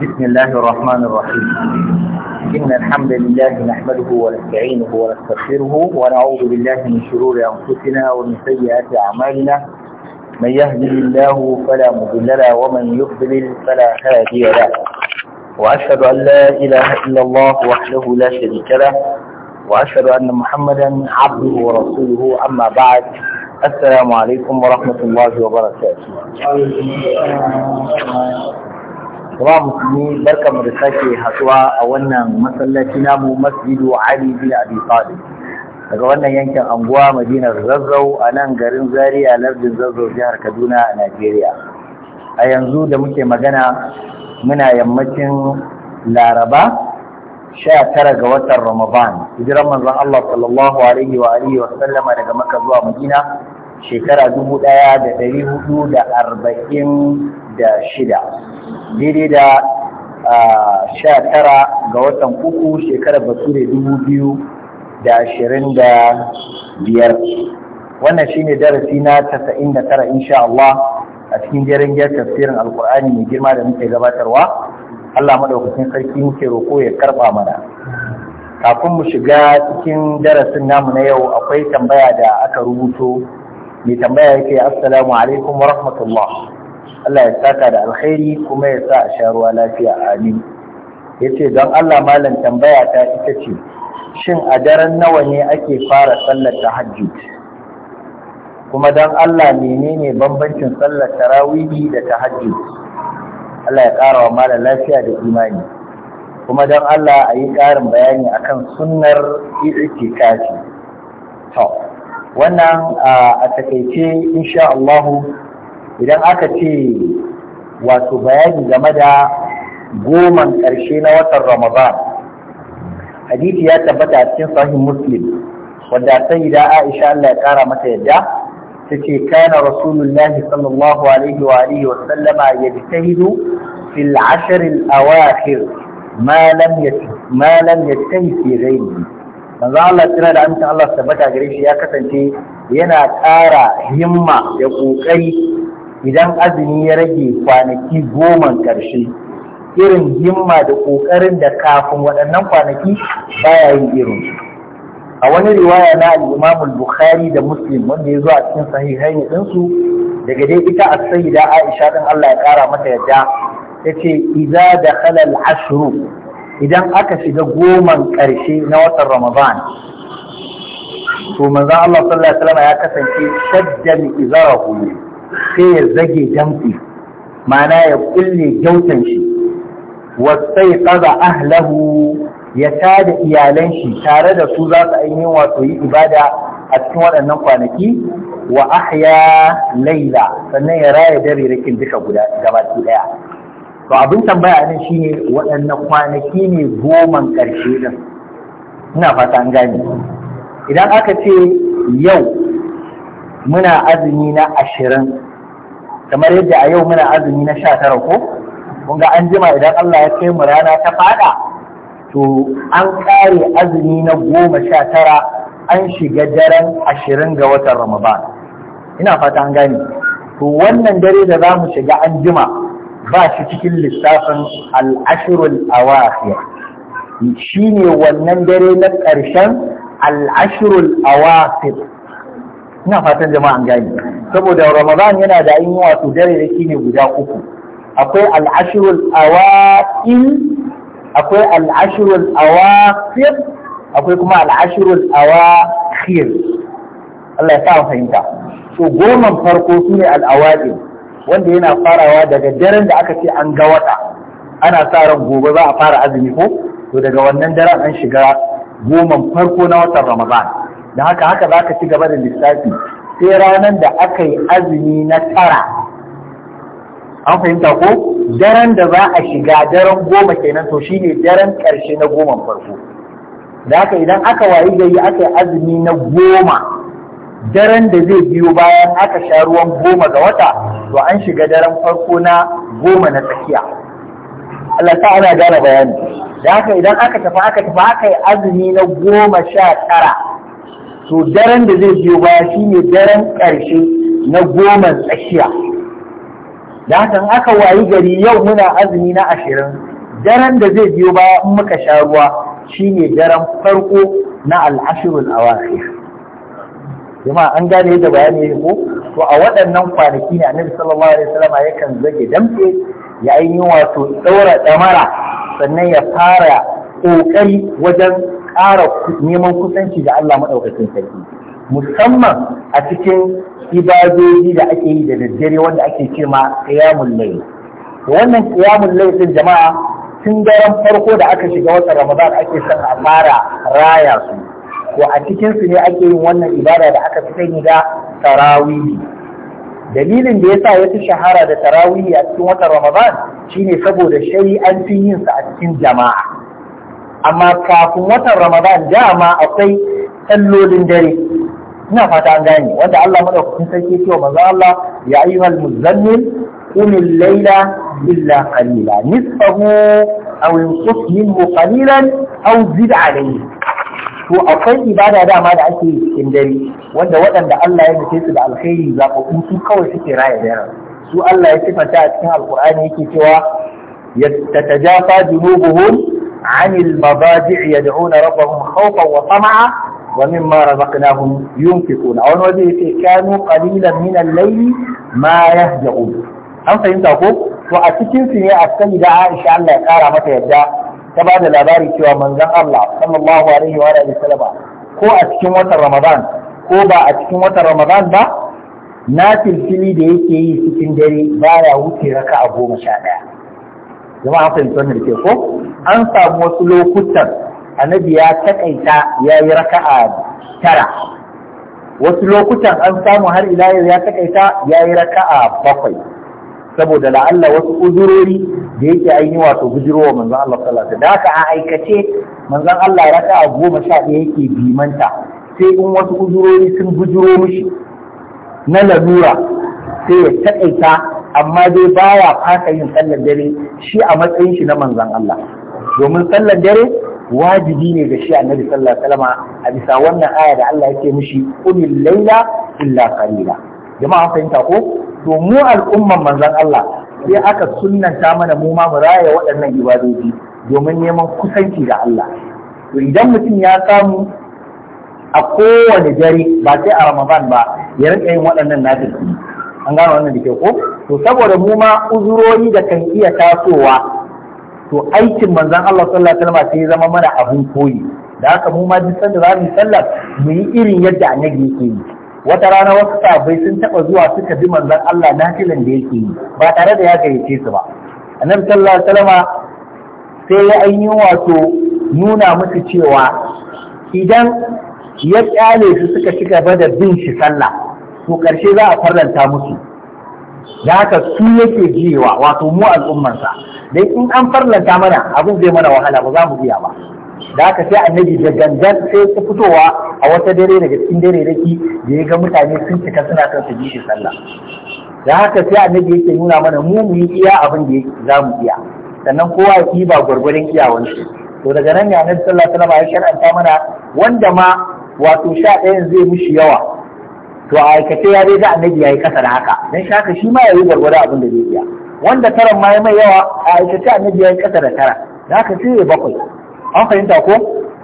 بسم الله الرحمن الرحيم إن الحمد لله نحمده ونستعينه ونستغفره ونعوذ بالله من شرور أنفسنا ومن سيئات أعمالنا من يهدي الله فلا مضل له ومن يضلل فلا هادي له وأشهد أن لا إله إلا الله وحده لا شريك له وأشهد أن محمدا عبده ورسوله أما بعد السلام عليكم ورحمة الله وبركاته kuma musulmi mu da sake hasuwa a wannan masallaci namu masjidu ali bin abi talib daga wannan yankin anguwa madinar zazzau a nan garin zaria lardin zazzau jihar kaduna a najeriya a yanzu da muke magana muna yammacin laraba sha tara ga watan ramadan hijiran manzon allah sallallahu alaihi wa alihi wa sallama daga makka zuwa madina shekara dubu ɗaya da ɗari hudu da arba'in da shida daidai da sha tara ga watan uku shekarar bature dubu biyu da ashirin da biyar wannan shine darasi na tasa'in da tara insha Allah a cikin jerin tafsirin alkur'ani mai girma da muke gabatarwa Allah maɗaukacin sarki muke roko ya karɓa mana kafin mu shiga cikin darasin namu na yau akwai tambaya da aka rubuto mai tambaya yake assalamu alaikum wa rahmatullah Allah ya saka da alkhairi kuma ya sa a sha ruwa lafiya amin yace ce don Allah malam tambaya ta ita ce shin a daren nawa ne ake fara sallar tahajjud kuma don Allah menene bambancin sallar tarawihi da tahajjud Allah ya ƙara wa malam lafiya da imani kuma don Allah a yi ƙarin bayani akan sunnar itikafi to wannan a takaice insha Allahu idan aka ce wato bayani game da goman ƙarshe na watan ramadan hadisi ya tabbata a cikin sahih muslim wanda sai da aisha Allah ya kara mata yadda ta ce kana rasulullahi sallallahu alaihi wa alihi wa sallama yajtahidu fil ashr al awakhir ma lam malam ya lam yatahi fi manzo Allah tana da amincin Allah tabbata gare shi ya kasance yana ƙara himma da ƙoƙari idan azumi ya rage kwanaki goma ƙarshe irin himma da ƙoƙarin da kafin waɗannan kwanaki baya yin irin a wani riwaya na al bukhari da muslim wanda ya zuwa a cikin sahihain ɗinsu daga dai ita a sayyida aisha ɗin allah ya ƙara mata yadda ya ce iza da halal ashiru" idan aka shiga goman ƙarshe na watan ramadan to manzon allah sallallahu alaihi wasallam ya kasance shaddan izarahu sai ya zage jamfi ma'ana ya kulle gyautan shi wasai tsada ahlahu ya tada iyalan shi tare da su za su ainihin wato yi ibada a cikin waɗannan kwanaki wa ahya laila sannan ya raya dare rikin duka guda daya to abin tambaya nan shine waɗannan kwanaki ne goman ƙarshe din ina fata an gane idan aka ce yau muna azumi na ashirin kamar yadda a yau muna azumi na sha tara ko kun ga an jima idan Allah ya kai mu rana ta fada to an kare azumi na goma sha tara an shiga daren ashirin ga watan Ramadan ina fata an gane to wannan dare da za mu shiga an jima ba shi cikin lissafin al'ashirul awakhir shi ne wannan dare na ƙarshen al'ashirul awakhir ina fatan jama'a an gane saboda ramadan yana da ainihin wato dare da kine guda uku akwai al'ashirul awaqil akwai al'ashirul awaqil akwai kuma al'ashirul awaqil Allah ya sa fahimta so goman farko sune al'awa'il wanda yana farawa daga daren da aka ce an ga wata ana sa ran gobe za a fara azumi ko to daga wannan daren an shiga goman farko na watan Ramadan da haka haka za ka ci gaba da lissafi sai ranar da aka yi azumi na tara an fahimta ko daren da za a shiga daren goma kenan to shine daren ƙarshe na goma farko da haka idan aka wayi gari aka yi azumi na goma daren da zai biyo bayan aka sha ruwan goma ga wata to an shiga daren farko na goma na tsakiya Allah ta ana gane bayani da haka idan aka tafi aka tafi aka yi azumi na goma sha tara to daren da zai biyo baya shine daren ƙarshe na goma tsakiya da haka aka wayi gari yau muna azumi na ashirin daren da zai biyo baya in muka sha ruwa shine daren farko na al'ashirul awakhir jama'a an gane yadda bayani ne ko to a waɗannan kwanaki ne annabi sallallahu alaihi wasallam yakan zage damtse ya ainihin wato ɗaura ɗamara sannan ya fara kokari wajen ƙara neman kusanci da Allah maɗaukakin sarki musamman a cikin ibadoji da ake yi da daddare wanda ake ce ma qiyamul wannan qiyamul lai din jama'a tun daren farko da aka shiga watan Ramadan ake son a fara raya su ko a cikin su ne ake yin wannan ibada da aka fi sani da dalilin da yasa ya fi shahara da tarawihi a cikin watan Ramadan shine saboda shari'ancin yin sa a cikin jama'a amma kafin watan ramadan dama akwai sallolin dare ina fata an gane wanda Allah madaukakin sarki cewa manzo Allah ya ayyuhal muzammil qum al-laila illa qalila nisfahu aw yanqus minhu qalilan aw zid alayhi to akwai ibada dama da ake yi cikin dare wanda waɗanda Allah ya nufe su da alkhairi zaɓaɓɓu su kawai suke raya daren su Allah ya sifanta a cikin alkur'ani yake cewa yatatajafa junubuhum عن المضاجع يدعون ربهم خوفا وطمعا ومما رزقناهم ينفقون أو نوزي كانوا قليلا من الليل ما يهجعون an fahimta ko to a cikin su ne a sani da Aisha Allah ya kara mata yadda ta bada labari cewa manzon Allah sallallahu alaihi wa alihi wasallam ko a cikin watan Ramadan ko ba a cikin watan Ramadan ba na filfili da yake yi cikin dare baya wuce raka'a goma sha ɗaya jama'a fahimci wannan da ke ko an samu wasu lokutan annabi ya takaita ya yi a tara wasu lokutan an samu har ila yau ya takaita ya yi raka'a bakwai saboda la'alla wasu uzurori da yake an yi wato bujirowa manzon Allah sallallahu alaihi da haka a aikace manzon Allah raka'a goma sha ɗaya yake bimanta sai in wasu uzurori sun gujiro mishi na lalura sai ya takaita amma dai baya fasa yin sallar dare shi a matsayin shi na manzon Allah domin sallar dare wajibi ne ga shi annabi sallallahu alaihi wasallam a bisa wannan aya da Allah yake mishi qulil laila illa qalila jama'a fahimta ko to mu al'umman manzon Allah sai aka sunnanta mana mu ma mu raya waɗannan ibadoji domin neman kusanci da Allah to idan mutum ya samu a kowane dare ba sai a Ramadan ba ya rika yin waɗannan nafiloli an gano wannan da ke ko to saboda mu ma uzurori da kan iya tasowa to aikin manzon Allah sallallahu alaihi wasallam sai zama mana abun koyi da haka mu ma duk sanda zamu sallar mu yi irin yadda annabi yake yi wata rana wasu sahabbai sun taba zuwa suka bi manzon Allah na nafilan da yake yi ba tare da ya gayyace su ba annabi sallallahu alaihi wasallam sai ya yi wato nuna musu cewa idan ya kyale su suka ci gaba da bin shi sallah to ƙarshe za a farlanta musu da haka su yake jiyewa wato mu al'ummarsa dai in an farlanta mana abin zai mana wahala ba za mu biya ba da haka sai annabi da gangan sai ta fitowa a wata dare daga cikin dare raki da ya ga mutane sun cika suna son su ji sallah da haka sai annabi yake nuna mana mu mu yi iya abin da za mu iya sannan kowa ya ba gwargwaron iyawan shi to daga nan ne annabi sallallahu alaihi wasallam ya shar'anta mana wanda ma wato sha ɗayan zai mishi yawa to a aikace ya dai da annabi ya yi kasa da haka dan shaka shi ma ya yi gwargwado abin da zai iya wanda taran ma mai yawa a aikace annabi ya yi kasa da tara da haka sai ya bakwai an fahimta ko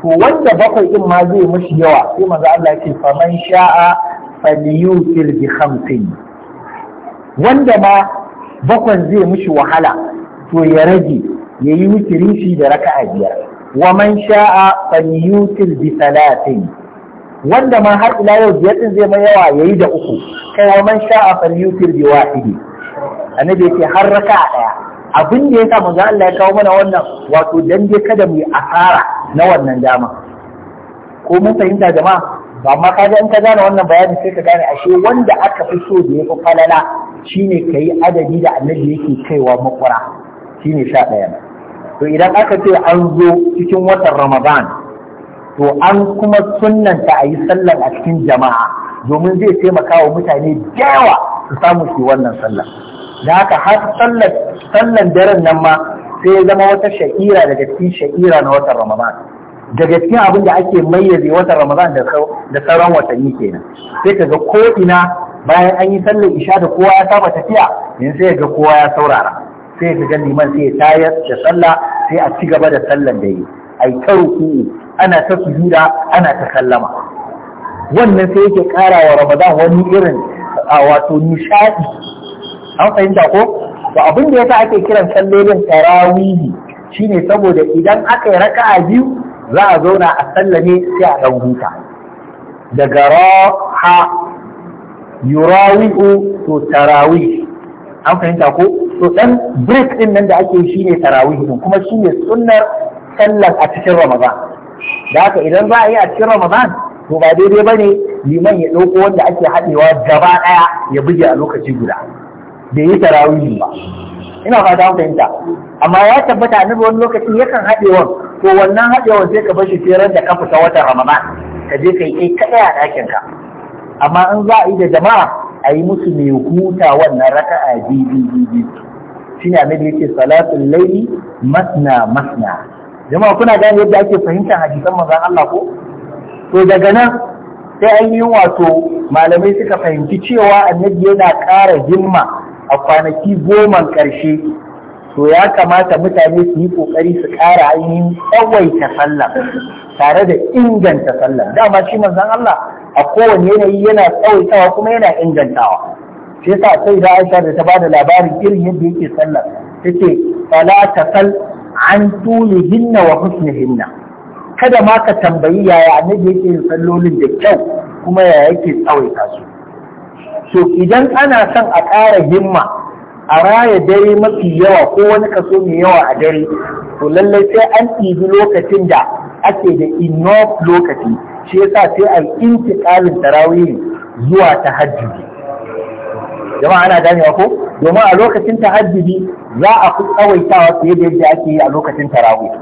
to wanda bakwai din ma zai mishi yawa sai manzo Allah ya ce faman sha'a falyutil bi khamsin wanda ma bakwan zai mishi wahala to ya rage ya yi wutirin shi da raka'a biyar wa man sha'a falyutil bi salatin wanda ma har ila yau biyar din zai mai yawa yayi da uku kai wa man sha'a falyutir bi wahidi annabi yake har raka daya abin da yasa manzo Allah ya kawo mana wannan wato dan dai kada mu asara na wannan dama ko mun fahimta jama'a ba ma ka in ka gane wannan bayani sai ka gane ashe wanda aka fi so da yafi falala shine kai adadi da annabi yake kaiwa makwara shine sha ɗaya to idan aka ce an zo cikin watan Ramadan to an kuma sunanta a yi sallar a cikin jama'a domin zai taimaka wa mutane da yawa su samu su wannan sallar da haka har sallar sallar daren nan ma sai ya zama wata sha'ira daga cikin sha'ira na watan ramadan daga cikin abin da ake mayyaze watan ramadan da sauran watanni kenan sai ka ga ko ina bayan an yi sallar isha da kowa ya saba tafiya yanzu sai ga kowa ya saurara sai ka ga liman sai ya tayar da sallah sai a ci gaba da sallar da yi ai ta ruku'u ana ta sujuda ana ta kallama. wannan sai yake kara wa ramadan wani irin a wato nishadi an fahimta ko to abin da yasa ake kiran sallolin tarawihi shine saboda idan aka yi raka'a biyu za a zauna a sallame sai a dan huta daga raha yurawi'u to tarawih an fahimta ko to dan break din nan da ake yi shine tarawih din kuma shine sunnar sallar a cikin Ramadan da haka idan za a yi a cikin Ramadan to ba daidai ba ne liman ya ɗauko wanda ake haɗewa gaba ɗaya ya buge a lokaci guda bai yi tarawihi ba ina fata an fahimta amma ya tabbata annabi wani lokaci yakan haɗewan to wannan haɗewan sai ka bashi tseren da ka fita watan Ramadan ka je ka yi kai kaɗai a ɗakin ka amma in za a yi da jama'a a yi musu mai huta wannan raka'a biyu biyu biyu shine annabi yake salatul laili masna masna jama'a kuna gane yadda ake fahimtar hadisan manzon Allah ko to daga nan sai an yi wato malamai suka fahimci cewa annabi yana ƙara himma a kwanaki goma karshe to ya kamata mutane su yi ƙoƙari su ƙara ainihin tsawaita sallah tare da inganta sallah dama shi manzon Allah a kowane yanayi yana tsawaitawa kuma yana ingantawa Sai sa sai da Aisha da ta bada labarin irin yadda yake sallah tace fala tasal an hinna wa hinna kada ma ka tambayi yaya annabi yake yin sallolin da kyau kuma yaya yake tsawaita su so idan ana son a ƙara himma a raya dare mafi yawa ko wani kaso mai yawa a dare to lallai sai an ɗibi lokacin da ake da enough lokaci shi yasa sai a intiƙalin tarawih zuwa ta tahajjudi jama'a ana ganewa ko domin a lokacin tahajjudi za a fi tsawaitawa fiye da yadda ake yi a lokacin tarawih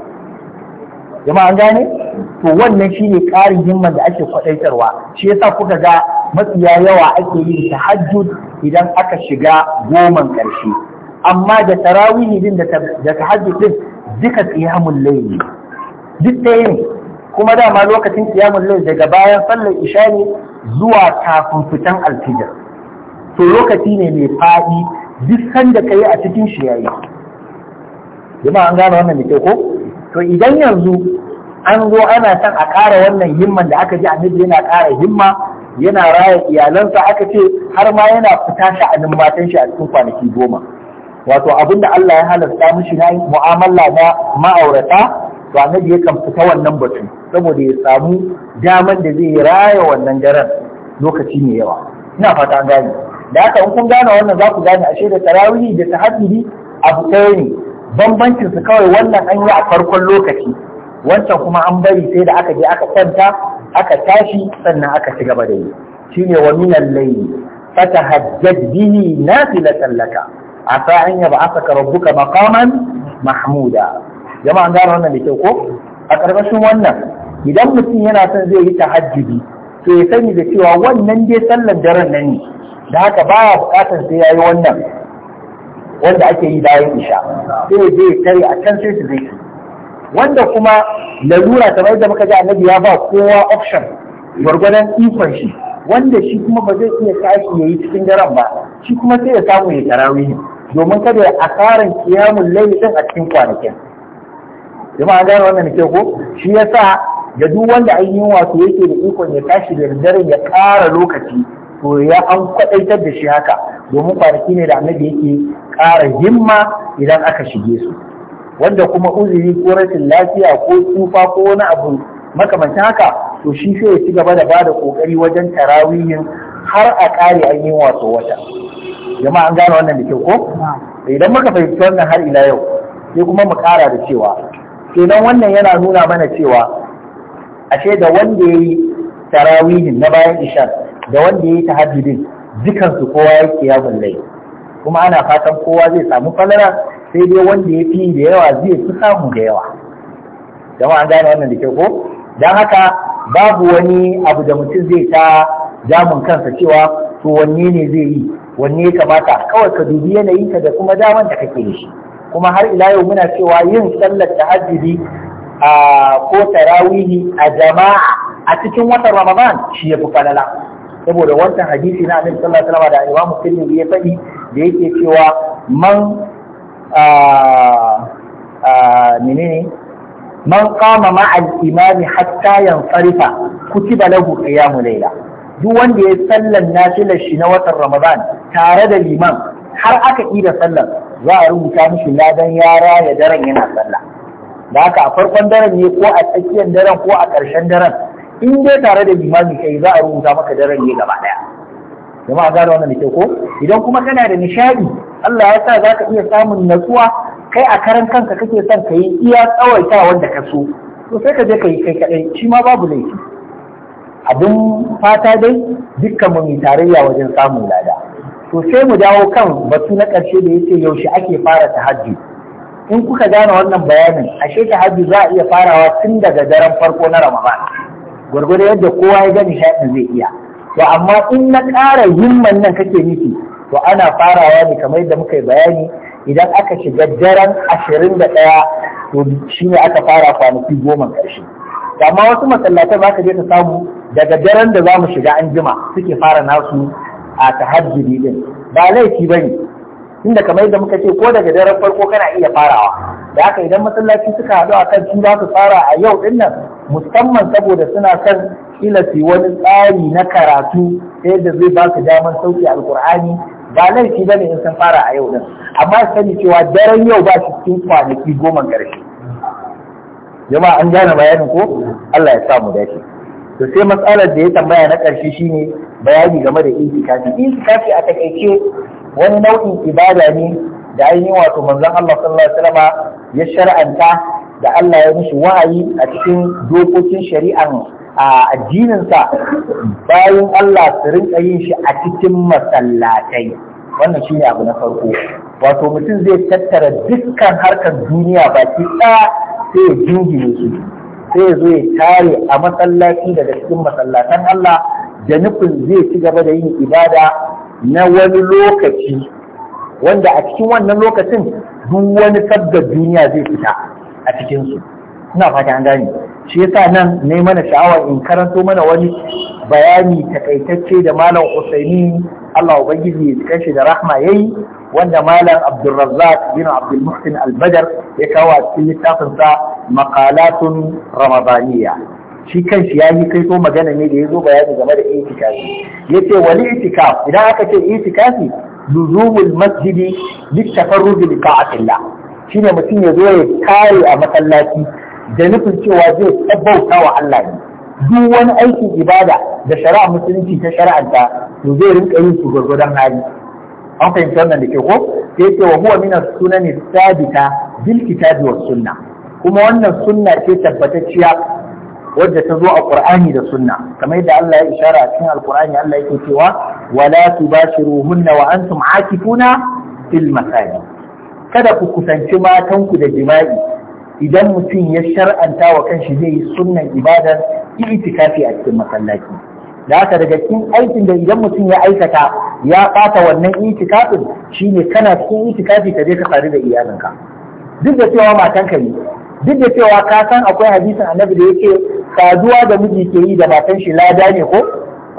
jama'a an gane to wannan shine ƙarin himman da ake kwadaitarwa shi yasa kuka ga mafiya yawa ake yin tahajjud idan aka shiga goman ƙarshe amma da tarawih din da tahajjud din duka qiyamul layl duk ɗaya kuma dama lokacin qiyamul layl daga bayan sallar isha ne zuwa kafin fitan alfijir to lokaci ne mai faɗi duk sanda ka yi a cikin shi yayi jama'a an gane wannan da ko to idan yanzu an zo ana son a ƙara wannan himman da aka ji a annabi yana ƙara himma yana raya iyalansa aka ce har ma yana fita sha'anin matan shi a cikin kwanaki goma wato abin da Allah ya halasta mishi na mu'amala na ma'aurata to annabi yakan fita wannan batu saboda ya samu daman da zai raya wannan daren lokaci mai yawa ina fata an gane da haka in kun gane wannan za ku gane ashe da tarawihi da tahajjudi abu ɗaya ne bambancin su kawai wannan an yi a farkon lokaci wancan kuma an bari sai da aka je aka kwanta aka tashi sannan aka ci gaba da yi shine wa minal layli fatahajjad bihi nafilatan laka asa an yab'athaka rabbuka maqaman mahmuda an gane wannan da kyau ko a ƙarƙashin wannan idan mutum yana son zai yi tahajjudi to ya sani da cewa wannan dai sallar daren nan ne da haka ya bukatar sai yi wannan wanda ake yi bayan isha sai zai kai a can sai su zai wanda kuma lalura kamar yadda muka ji annabi ya ba kowa option gwargwadon ikon shi wanda shi kuma ba zai iya tashi yayi cikin daren ba shi kuma sai ya samu ya tarawihi domin kada ya asaran kiyamun laili din a cikin kwanakin an gane wannan ne ko shi yasa ga duk wanda an wato yake da ikon ya tashi da daren ya ƙara lokaci to ya an kwadaitar da shi haka domin kwanaki ne da annabi yake ƙara himma idan aka shige su wanda kuma uzuri ko rashin lafiya ko tsufa ko wani abu makamancin haka to shi sai ya ci gaba da bada kokari wajen tarawihin har a ƙari an yi wato wata jama'a an gane wannan da kyau ko idan muka fahimci wannan har ila yau sai kuma mu ƙara da cewa kenan wannan yana nuna mana cewa ashe da wanda ya yi tarawihin na bayan ishan da wanda ya yi tahajjudin dukan su kowa ya kiyamul kuma ana fatan kowa zai samu falara sai dai wanda ya fi da yawa zai fi samu da yawa jama'a an gane wannan da ke ko dan haka babu wani abu da mutum zai ta jamun kansa cewa to wanne ne zai yi wanne ya kamata kawai ka dubi yanayin ka da kuma daman da kake da shi kuma har ila yau muna cewa yin sallar tahajjudi ko tarawihi a jama'a a cikin watan Ramadan shi ya fi falala saboda wancan hadisi na annabi sallallahu alaihi wasallam da Imam Muslim ya faɗi da yake cewa man a a menene man qama ma'al imami hatta yanfarifa kutiba lahu qiyamu layla duk wanda ya sallan nafilar shi na watan Ramadan tare da liman har aka yi da sallar za a rubuta mishi ladan yara ya daren yana sallah da haka a farkon daren ne ko a tsakiyar daren ko a ƙarshen daren in dai tare da limami kai za a rubuta maka daren ne gaba daya jama'a gane wannan da ko idan kuma kana da nishadi Allah ya sa za ka iya samun natsuwa kai a karan kanka kake son ka yi iya tsawaita wanda ka so to sai ka je ka yi kai kaɗai shi ma babu laifi abin fata dai dukkan mu tarayya wajen samun lada to sai mu dawo kan batu na ƙarshe da yake yaushe ake fara tahajjud in kuka gane wannan bayanin ashe tahajjud za a iya farawa tun daga daren farko na Ramadan gwargwado yadda kowa ya gani shaɗin zai iya to amma in na ƙara himman nan kake nufi to ana farawa ne kamar yadda muka yi bayani idan aka shiga daren ashirin da ɗaya to shi ne aka fara kwanaki goma ƙarshe amma wasu masallatan za ka je ka samu daga daren da za mu shiga an jima suke fara nasu a tahajjudi din ba laifi ba ne inda kamar yadda muka ce ko daga daren farko kana iya farawa da aka idan masallaci suka haɗu a kan in za su fara a yau ɗin nan musamman saboda suna kan kila su wani tsari na karatu ta yadda zai ba su damar sauki Alƙur'ani, ba laifi ba ne in sun fara a yau ɗin amma sani cewa daren yau ba shi cikin kwanaki goma ƙarshe jama'a an gane bayanin ko Allah ya sa mu dace to sai matsalar da ya tambaya na ƙarshe shine bayani game da itikafi itikafi a takaice wani nau'in ibada ne da ainihin wato manzon Allah sallallahu alaihi wasallama ya shar'anta da Allah ya mishi wa'ayi a cikin dokokin shari'an a addininsa bayan Allah su rinka yin shi a cikin masallatai wannan shine abu na farko wato mutum zai tattara dukkan harkar duniya baki ɗaya sai ya jingine su sai ya zo ya tare a masallaci daga cikin masallatan Allah da nufin zai ci gaba da yin ibada na wani lokaci wanda a cikin wannan lokacin duk wani sabgar duniya zai fita a cikinsu ina fata an gane shi yasa nan ne mana sha'awar in karanto mana wani bayani takaitacce da malam usaini Allah ubangiji ya cikin shi da rahma yayi wanda malam Abdulrazak, bin Abdul Muhsin al ya kawo a cikin littafin sa maqalatun ramadaniya shi kanshi ya yi kai ko magana ne da ya zo bayani game da itikafi ce wani itikaf idan aka ce itikafi luzumul masjidi litafarruj bi ta'atillah shine mutum ya zo ya kare a masallaci da nufin cewa zai tabbauta wa Allah ne duk wani aikin ibada da shari'a musulunci ta shari'anta to zai rinka yin su gwargwadon hali an fahimci wannan da ke ko sai ce wa huwa min as-sunani sabita bil kitabi was sunna kuma wannan sunna ce tabbatacciya wadda ta zo a Qur'ani da Sunna kamar yadda Allah ya ishara a cikin Al-Qur'ani Allah yake cewa wala tubashiruhunna wa antum aakifuna fil masajid kada ku kusanci matan ku da jima'i idan mutum ya shar'anta wa kanshi zai yi sunnan ibadar itikafi a cikin masallaci da haka daga cikin aikin da idan mutum ya aikata ya bata wannan itikafin shine kana cikin itikafi ka je ka faru da iyalinka duk da cewa matanka ne duk da cewa ka san akwai hadisin annabi da yake saduwa da miji ke yi da matan shi lada ne ko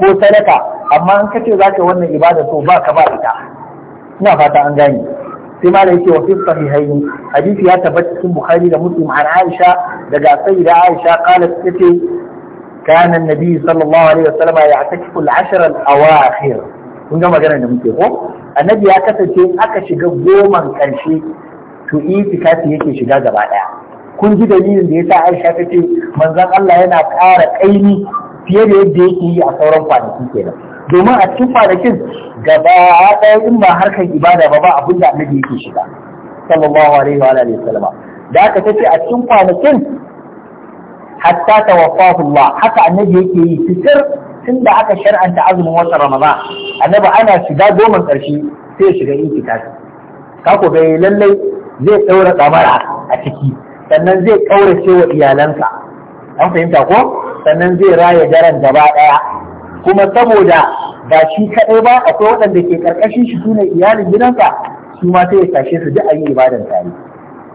ko sadaka amma in kace za ka wannan ibada to ba ka ba ita ina fata an gane sai ma da yake wa fi hadisi ya tabbata cikin bukhari da muslim an aisha daga da aisha qalat tace كان النبي صلى الله عليه وسلم يعتكف العشر الأواخر kun ga magana da muke ko annabi ya in aka shiga goman karshe to itikafi yake shiga gaba kun ji dalilin da ya sa Aisha ta ce manzon Allah yana ƙara ƙaimi fiye da yadda yake yi a sauran kwanaki kenan domin a cikin kwanakin gaba ɗaya in ba harkar ibada ba ba abin da annabi yake shiga sallallahu alaihi wa alihi wasallam da aka tace a cikin kwanakin hatta tawaffahu Allah haka annabi yake yi fitar tun da aka shar'anta azumin watan Ramadan annabi ana shiga goma ƙarshe sai shiga itikafi ka bai lallai zai daura tsamara a ciki sannan zai ƙaurace wa iyalansa an fahimta ko sannan zai raya daren gaba ɗaya kuma saboda ba shi kaɗai ba akwai waɗanda ke ƙarƙashin shi sune iyalin gidansa su ma sai ya tashe su duk a yi ibadan tare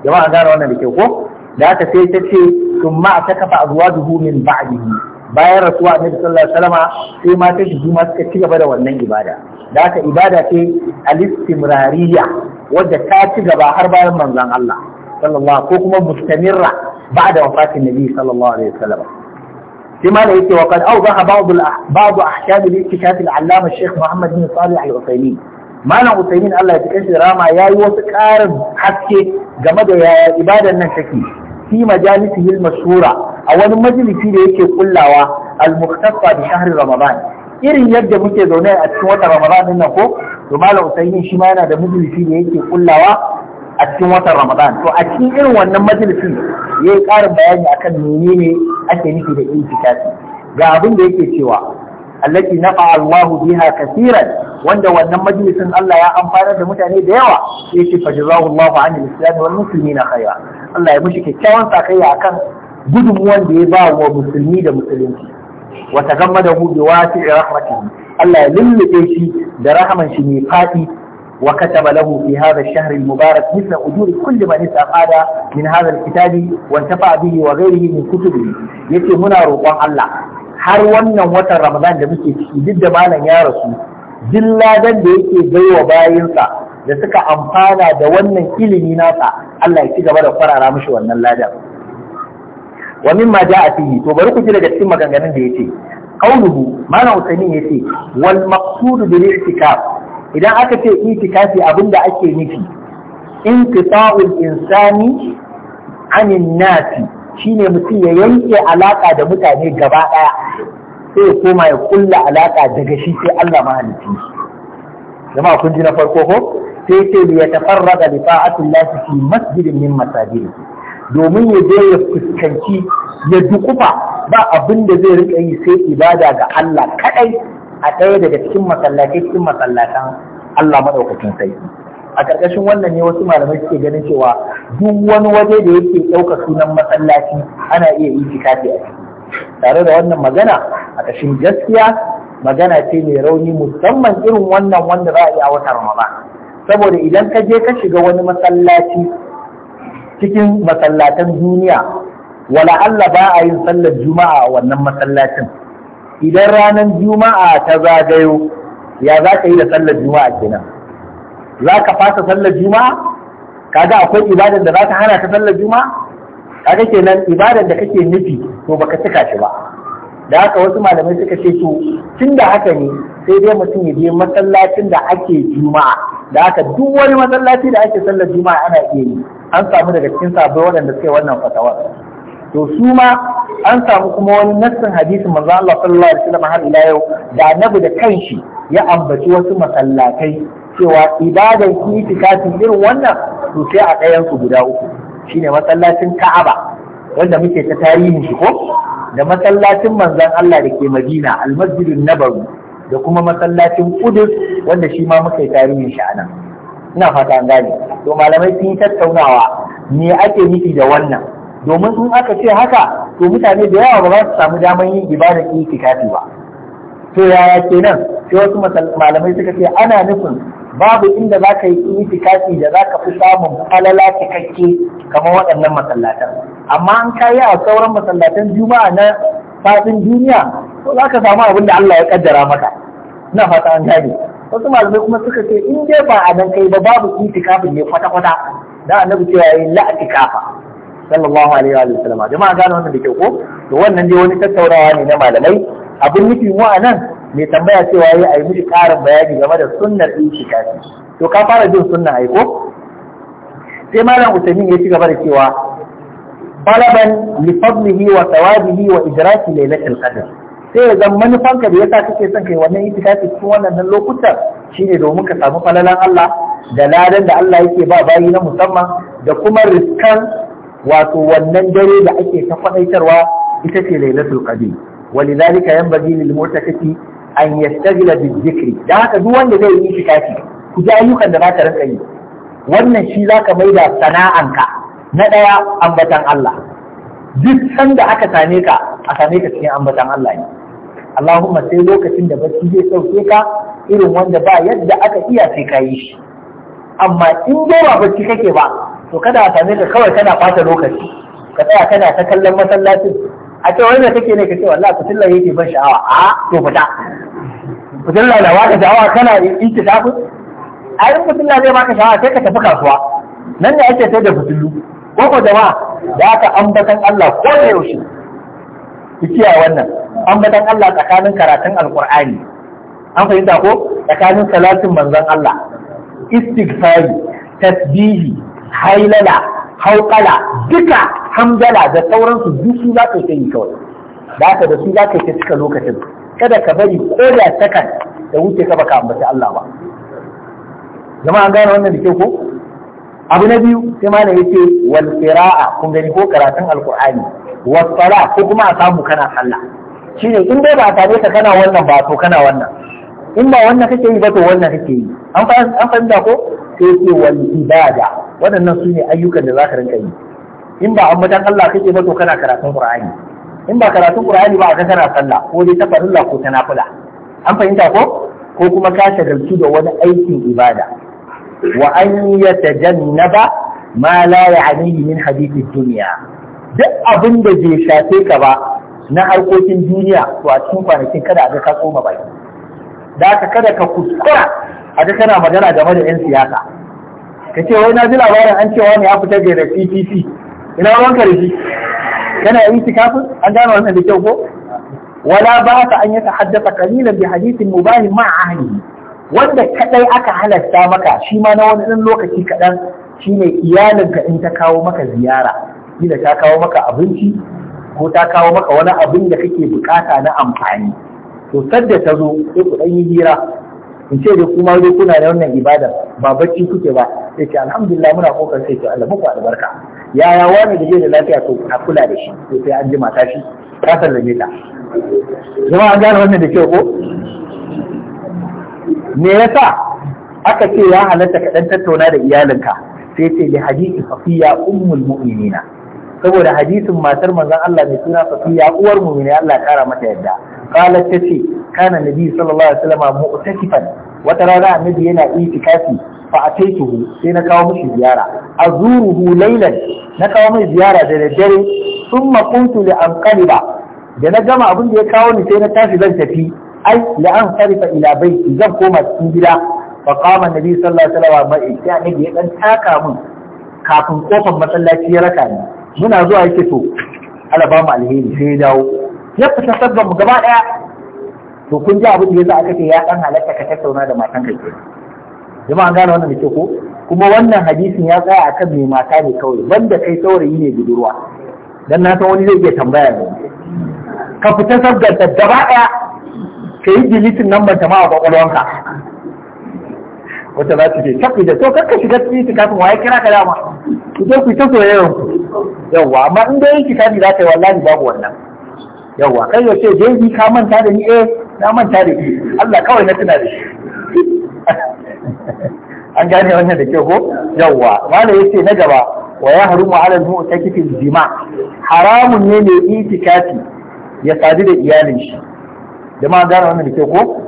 jama'a gane wannan da ke ko da haka sai ta ce sun ma ta kafa azwajuhu min ba'dihi bayan rasuwa annabi sallallahu alaihi wasallama sai mata su ma suka ci gaba da wannan ibada da haka ibada ce al-istimrariya wadda ta ci gaba har bayan manzon Allah صلى الله عليه وسلم كما مستمرة بعد وفاة النبي صلى الله عليه وسلم كما نأيك وقد أوضح بعض بعض أحكام الاتكاف العلامة الشيخ محمد بن صالح العثيمين ما نعثيمين الله يتكشف راما يا يوسك آرب حكي جمد يا إبادة النشكي في مجالسه المشهورة أول مجلس إليك قلوا المختصة بشهر رمضان irin yadda muke zaune a cikin watan Ramadan din nan ko to malam Usaini shi ma yana a cikin watan Ramadan to a cikin irin wannan majalisin yayi ƙarin bayani akan menene ake nufi da itikafi ga abin da yake cewa allati nafa Allahu biha kaseeran wanda wannan majalisin Allah ya amfana da mutane da yawa yace fajazahu Allahu an al-islam wal muslimina khaira Allah ya mushi kyakkyawan sakayya akan gudunmuwan da ya ba wa musulmi da musulunci wa tagammadahu bi wasi'i rahmatihi Allah ya lullube shi da rahaman shi mai fadi وكتب له في هذا الشهر المبارك مثل أجور كل من استفاد من هذا الكتاب وانتفع به وغيره من كتبه يتي منا روقان الله har wannan watan Ramadan da muke ciki duk da malam ya rasu jilladan da yake baiwa bayinsa da suka amfana da wannan ilimi nasa Allah ya ci gaba da farara mishi wannan ladan wa mimma ja'a fihi to bari ku ji daga cikin maganganun da yace qauluhu malam Usaimin yace wal maqsud bil i'tikaf idan aka ce itikafi abinda ake nufi in inqita'ul insani anin nasi shine mutum ya yanke alaka da mutane gaba daya sai ya koma ya kulla alaka daga shi sai Allah halitti jama'a kun ji na farko ko sai ce li yatafarraga li ta'atillahi fi masjidin min masajidi domin ya je ya fuskanci ya dukufa ba abin da zai rika yi sai ibada ga Allah kadai a ɗaya daga cikin masallatai cikin masallatan Allah madaukakin sarki a ƙarƙashin wannan ne wasu malamai suke ganin cewa duk wani waje da yake ɗauka sunan masallaci ana iya itikafi a ciki tare da wannan magana a ƙashin gaskiya magana ce mai rauni musamman irin wannan wanda za a yi a watan Ramadan saboda idan ka je ka shiga wani masallaci cikin masallatan duniya wala Allah ba a yin sallar juma'a a wannan masallacin idan ranar juma'a ta zagayo ya za ka yi da sallar juma'a kenan za ka fasa sallar juma'a kaga akwai ibadar da za ta hana ta sallar juma'a kaga kenan ibadar da kake nufi to baka cika shi ba da haka wasu malamai suka ce to tun da haka ne sai dai mutum ya je masallacin da ake juma'a da haka duk wani masallaci da ake sallar juma'a ana iya yi an samu daga cikin sabbin waɗanda suke wannan fatawar to su ma an samu kuma wani nassin hadisi manzo Allah sallallahu alaihi wasallam har ila yau da annabi da kanshi ya ambaci wasu masallatai cewa ibadar itikafi irin wannan to sai a ɗayan su guda uku shine masallacin Ka'aba wanda muke ta tarihin shi ko da masallacin manzon Allah da ke Madina al-Masjidun Nabawi da kuma masallacin Qudus wanda shi ma muke tarihin shi anan ina fata an gane to malamai sun yi tattaunawa me ake nufi da wannan domin in aka ce haka to mutane da yawa ba za su samu damar yin ibadar itikafi ba to yaya kenan sai wasu malamai suka ce ana nufin babu inda za ka yi itikafi da za ka fi samun alala cikakke kamar waɗannan masallatan amma an yi a sauran masallatan juma'a na fadin duniya to za ka samu abin da Allah ya kaddara maka ina fata an gane wasu malamai kuma suka ce in dai ba a nan kai ba babu itikafin ne kwata-kwata da annabi cewa yayin la'atikafa sallallahu alaihi wa sallam jama'a gane wannan da ke ko to wannan dai wani tattaunawa ne na malamai abin nufi mu a nan mai tambaya cewa yayi yi miji karin bayani game da sunnar itikafi to ka fara jin sunna ai ko sai malam Usaimin ya ci gaba da cewa balaban li fadlihi wa thawabihi wa idraki lailatul qadr sai ya zama manufanka da yasa kake son kai wannan itikafi cikin wannan lokutan shine domin ka samu falalan Allah da ladan da Allah yake ba bayi na musamman da kuma riskan wato wannan dare da ake ta faɗaitarwa ita ce lailatul qadr ولذلك ينبغي للمعتكف an yastaghila bi da haka duk wanda zai yi itikafi ku ji ayyukan da zaka rinka yi wannan shi zaka maida sana'anka na daya ambatan Allah duk sanda aka same ka a same ka cikin ambatan Allah ne Allahumma sai lokacin da barci zai sauke ka irin wanda ba yadda aka iya sai ka yi shi amma in dai ba barci kake ba to kada a same ka kawai kana ɓata lokaci ka tsaya kana ta kallon masallacin a ce wani kake ne ka ce wallahi tilla yake ban sha'awa a to fita tilla da waka sha'awa kana in ki tafi a ku tilla zai baka sha'awa sai ka tafi kasuwa nan ne ake sai da fitillu ko ko jama'a da aka ambatan Allah ko da yaushe ki kiya wannan ambatan Allah tsakanin karatun alqur'ani an fahimta ko tsakanin salatin manzon Allah istighfari tasbihi hailala haukala duka hamdala da sauransu duk su za ka yi kawai da haka da su za ka yi cika lokacin kada ka bari ko da sakan da wuce ka baka ambaci Allah ba zama an gane wannan da ke ko abu na biyu sai ma na yace wal qira'a kun gani ko karatun alqur'ani was sala ko kuma a samu kana sallah shine in dai ba tare ka kana wannan ba to kana wannan in ba wannan kake yi ba to wannan kake yi an fahimta ko sai ce wal ibada waɗannan su ne ayyukan da za ka rinka yi in ba ambatan Allah kake ba to kana karatun Qur'ani in ba karatun Qur'ani ba aka kana sallah ko dai ta farilla ko ta an fahimta ko ko kuma ka shagaltu da wani aikin ibada wa an yatajannaba ma la ya'nihi min hadithi dunya duk abin da bai shafe ka ba na harkokin duniya to a cikin kwanakin kada a ga ka tsoma baki da haka kada ka kuskura a ga kana magana game da 'yan siyasa ka ce wai na ji labarin an cewa ne ya fita e da PTC ina ruwan karfi kana yi tikafin an gano wannan da kyau ko wala ba ka an yi da hadisin bi hadithin mubahin ma ahli wanda kadai aka halasta maka shi ma na wani dan lokaci kadan shine iyalinka in ta kawo maka ziyara kila ta kawo maka abinci ko ta kawo maka wani abin da kake bukata na amfani to sadda ta zo sai ku dan yi hira in ce da kuma dai kuna da wannan ibada ba bacci kuke ba sai ce alhamdulillah muna kokar sai ce Allah muku albarka yaya wani da je da lafiya to a kula da shi to sai an jima tashi ka sallame ta zama an gane wannan da kyau ko me yasa aka ce ya halatta ka dan tattauna da iyalinka sai ce li hadisi safiya ummul mu'minina saboda hadisin matar manzon Allah mai suna safiya uwar mu'mini Allah ya kara mata yadda qalat tace kana nabi sallallahu alaihi wasallam mu'takifan wata rana annabi yana itikafi fa ataituhu sai na kawo mishi ziyara azuruhu laylan na kawo mai ziyara da daddare thumma qultu li anqaliba da na gama abin da ya kawo ni sai na tashi zan tafi ai la an sarifa ila baiti zan koma cikin gida fa qama annabi sallallahu alaihi wasallam mai sai annabi ya dan taka mun kafin kofar masallaci ya raka ni muna zuwa yake to Allah alheri sai ya dawo ya fita sabban mu gaba daya to kun ji abin da yasa aka ce ya dan halatta ka tattauna da matan ka ke jama'a gane wannan da ke ko kuma wannan hadisin ya tsaya akan mai mata ne kawai wanda kai saurayi ne budurwa dan na san wani zai iya tambaya ne ka fita sabgarta gaba daya ka yi dilitin nan ban tama a kwakwalwanka wata za ta ce tafi da to kakka shiga cikin kafin waye kira ka dama ku zo ku ta soyayyar ku yawwa amma in dai yanki kafi za ka yi wallahi babu wannan yawwa kai ya ce je ka manta da ni eh na manta da shi Allah kawai na tuna da shi an gane wannan da kyau ko yawwa malai yace na gaba wa ya harumu ala mu'takifi jima haramun ne mai itikafi ya sadu da iyalin shi jama'a gane wannan da kyau ko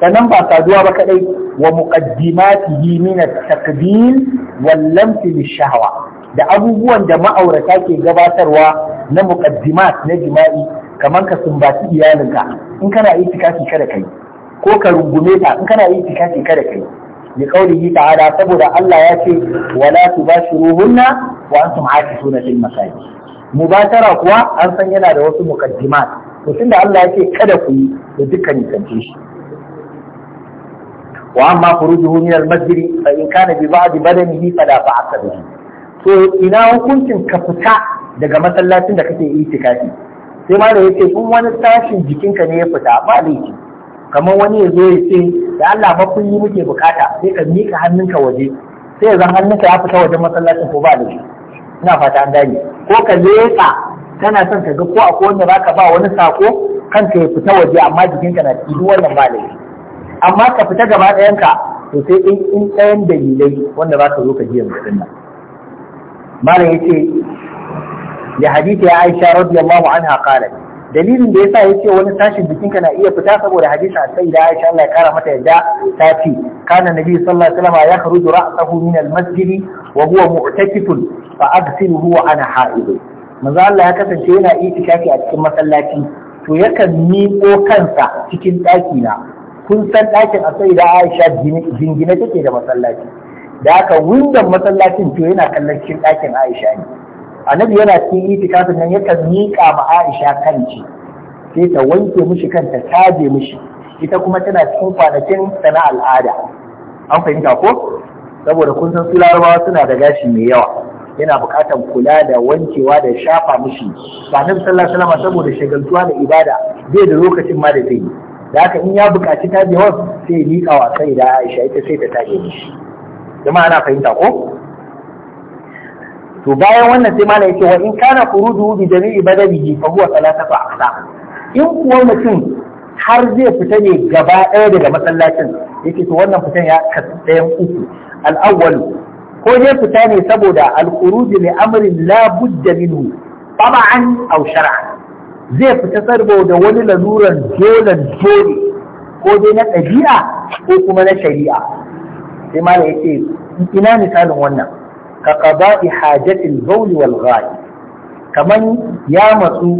sannan ba saduwa ba kadai wa muqaddimatihi min at-taqdim wal lamti lish-shahwa da abubuwan da ma'aurata ke gabatarwa na muqaddimat na jima'i kamar ka sumbaci iyalinka in kana itikafi kada kai ko ka rungume ta in kana itikafi kada kai li qawlihi ta'ala saboda Allah ya ce wala tubashiruhunna wa antum aakifuna fil masajid mubatara kuwa an san yana da wasu muqaddimat to tunda Allah ya ce kada ku yi da dukkan nisance shi wa amma furujuhu min al-masjid fa in kana bi ba'd badanihi fala fa'ata bihi to ina hukuncin ka fita daga masallacin da kake itikafi sai ma da ce in wani sashin jikinka ne ya fita ba laifi kamar wani ya zo ya ce da Allah kun yi muke bukata sai ka mika hannunka waje sai ya zan hannunka ya fita waje masallacin ko ba laifi ina fata an gane ko ka leƙa kana son ka ga ko akwai wanda zaka ba wani sako kanka ya fita waje amma jikinka na ciki wannan ba laifi amma ka fita gaba ɗayanka to sai in in ɗayan dalilai wanda zaka zo ka ji yanzu nan malam ce. ya hadisi ya Aisha radiyallahu anha qalat dalilin da yasa yace wani sashin jikinka na iya fita saboda hadisi a sai da Aisha Allah ya kara mata yadda ta ce kana nabi sallallahu alaihi wasallam ya kharuju ra'sahu min al-masjid wa huwa mu'takifun fa aghsiluhu wa ana ha'id manzo Allah ya kasance yana itikafi a cikin masallaci to yakan miƙo kansa cikin ɗaki na kun san ɗakin a sai da Aisha jingine take da masallaci da haka windon masallacin to yana kallon cikin ɗakin Aisha ne annabi yana cikin itikafin nan yakan miƙa ma Aisha kanci sai ta wanke mishi kanta je mishi ita kuma tana cikin kwanakin sana al'ada an fahimta ko saboda kun san su larabawa suna da gashi mai yawa yana buƙatar kula da wankewa da shafa mishi ba na sallallahu alaihi saboda shagaltuwa da ibada zai da lokacin ma da zai da haka in ya buƙaci tajewar sai ya miƙa wa kai da Aisha ita sai ta tage mishi jama'a ana fahimta ko to bayan wannan sai malai ce wa in kana furudu bi jami'i badalihi fa huwa salatatu aqsa in kuwa mutum har zai fita ne gaba ɗaya daga masallacin yake to wannan fitan ya kasu ɗayan uku al-awwal ko zai fita ne saboda al-khuruj li amrin la budda minhu tab'an aw shar'an zai fita saboda wani laluran dole dole ko dai na ɗabi'a ko kuma na shari'a sai malai yake ina misalin wannan ka qada'i hajatil bawl wal ghaib kaman ya matsu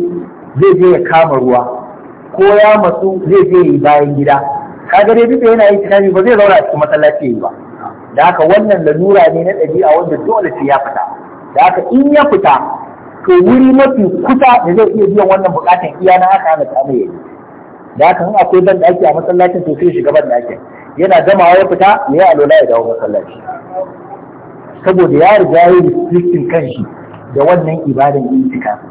zai je ya kama ruwa ko ya matsu zai je yi bayan gida kaga dai duka yana yi tunani ba zai zauna a cikin masallaci yi ba da haka wannan lalura ne na ɗabi'a wanda dole sai ya fita da haka in ya fita to wuri mafi kusa da zai iya biyan wannan bukatan iya na haka ana samu yayi da haka in akwai ban ɗaki a masallacin to sai shiga ban ɗakin yana gamawa ya fita ya yi alola ya dawo masallaci saboda ya riga ya restricting kanshi da wannan ibadan itikafi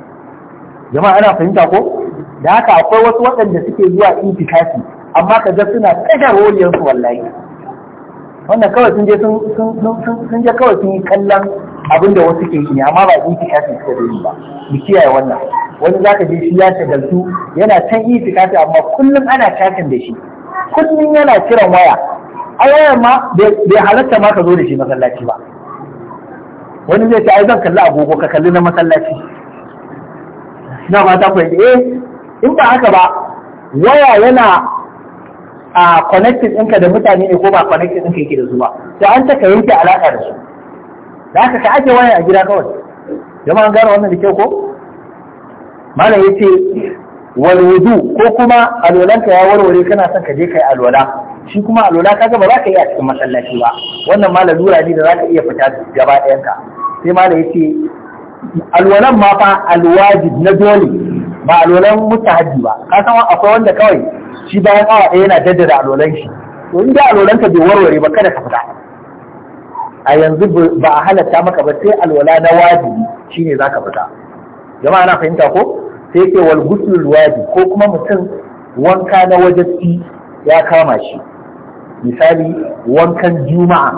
jama'a ana fahimta ko da haka akwai wasu waɗanda suke zuwa itikafi amma ka ga suna kada roliyar su wallahi wannan kawai sun je sun je kawai sun yi kallon abin da wasu ke yi ne amma ba su suka zo ba mu kiyaye wannan wani za ka je shi ya shagaltu yana can itikafi amma kullum ana cakin da shi kullum yana kiran waya a wayar ma bai halatta ma ka zo da shi masallaci ba wani zai ce ai zan kalli agogo ka kalli na masallaci na ta ku eh in ba haka ba waya yana a connected ɗinka da mutane ne ko ba connected ɗinka yake da su ba to an ta ka yanke alaƙa da su da haka ka ake waya a gida kawai an gane wannan da kyau ko malam yace wal wudu ko kuma alwalanka ya warware kana son ka je kai alwala shi kuma alwala kaga ba za ka yi a cikin masallaci ba wannan malam lura ne da za ka iya fita gaba ɗayanka sai ya ce alwalan ma fa alwajib na dole ba alwalan mutahaji ba ka san akwai wanda kawai shi bayan awa ɗaya yana daddada alwalan shi to in da alwalan ka bai warware ba kada ka fita a yanzu ba a halatta maka ba sai alwala na wajibi shine za ka fita jama'a na fahimta ko sai ke wal gusul wajibi ko kuma mutum wanka na wajibi ya kama shi misali wankan juma'a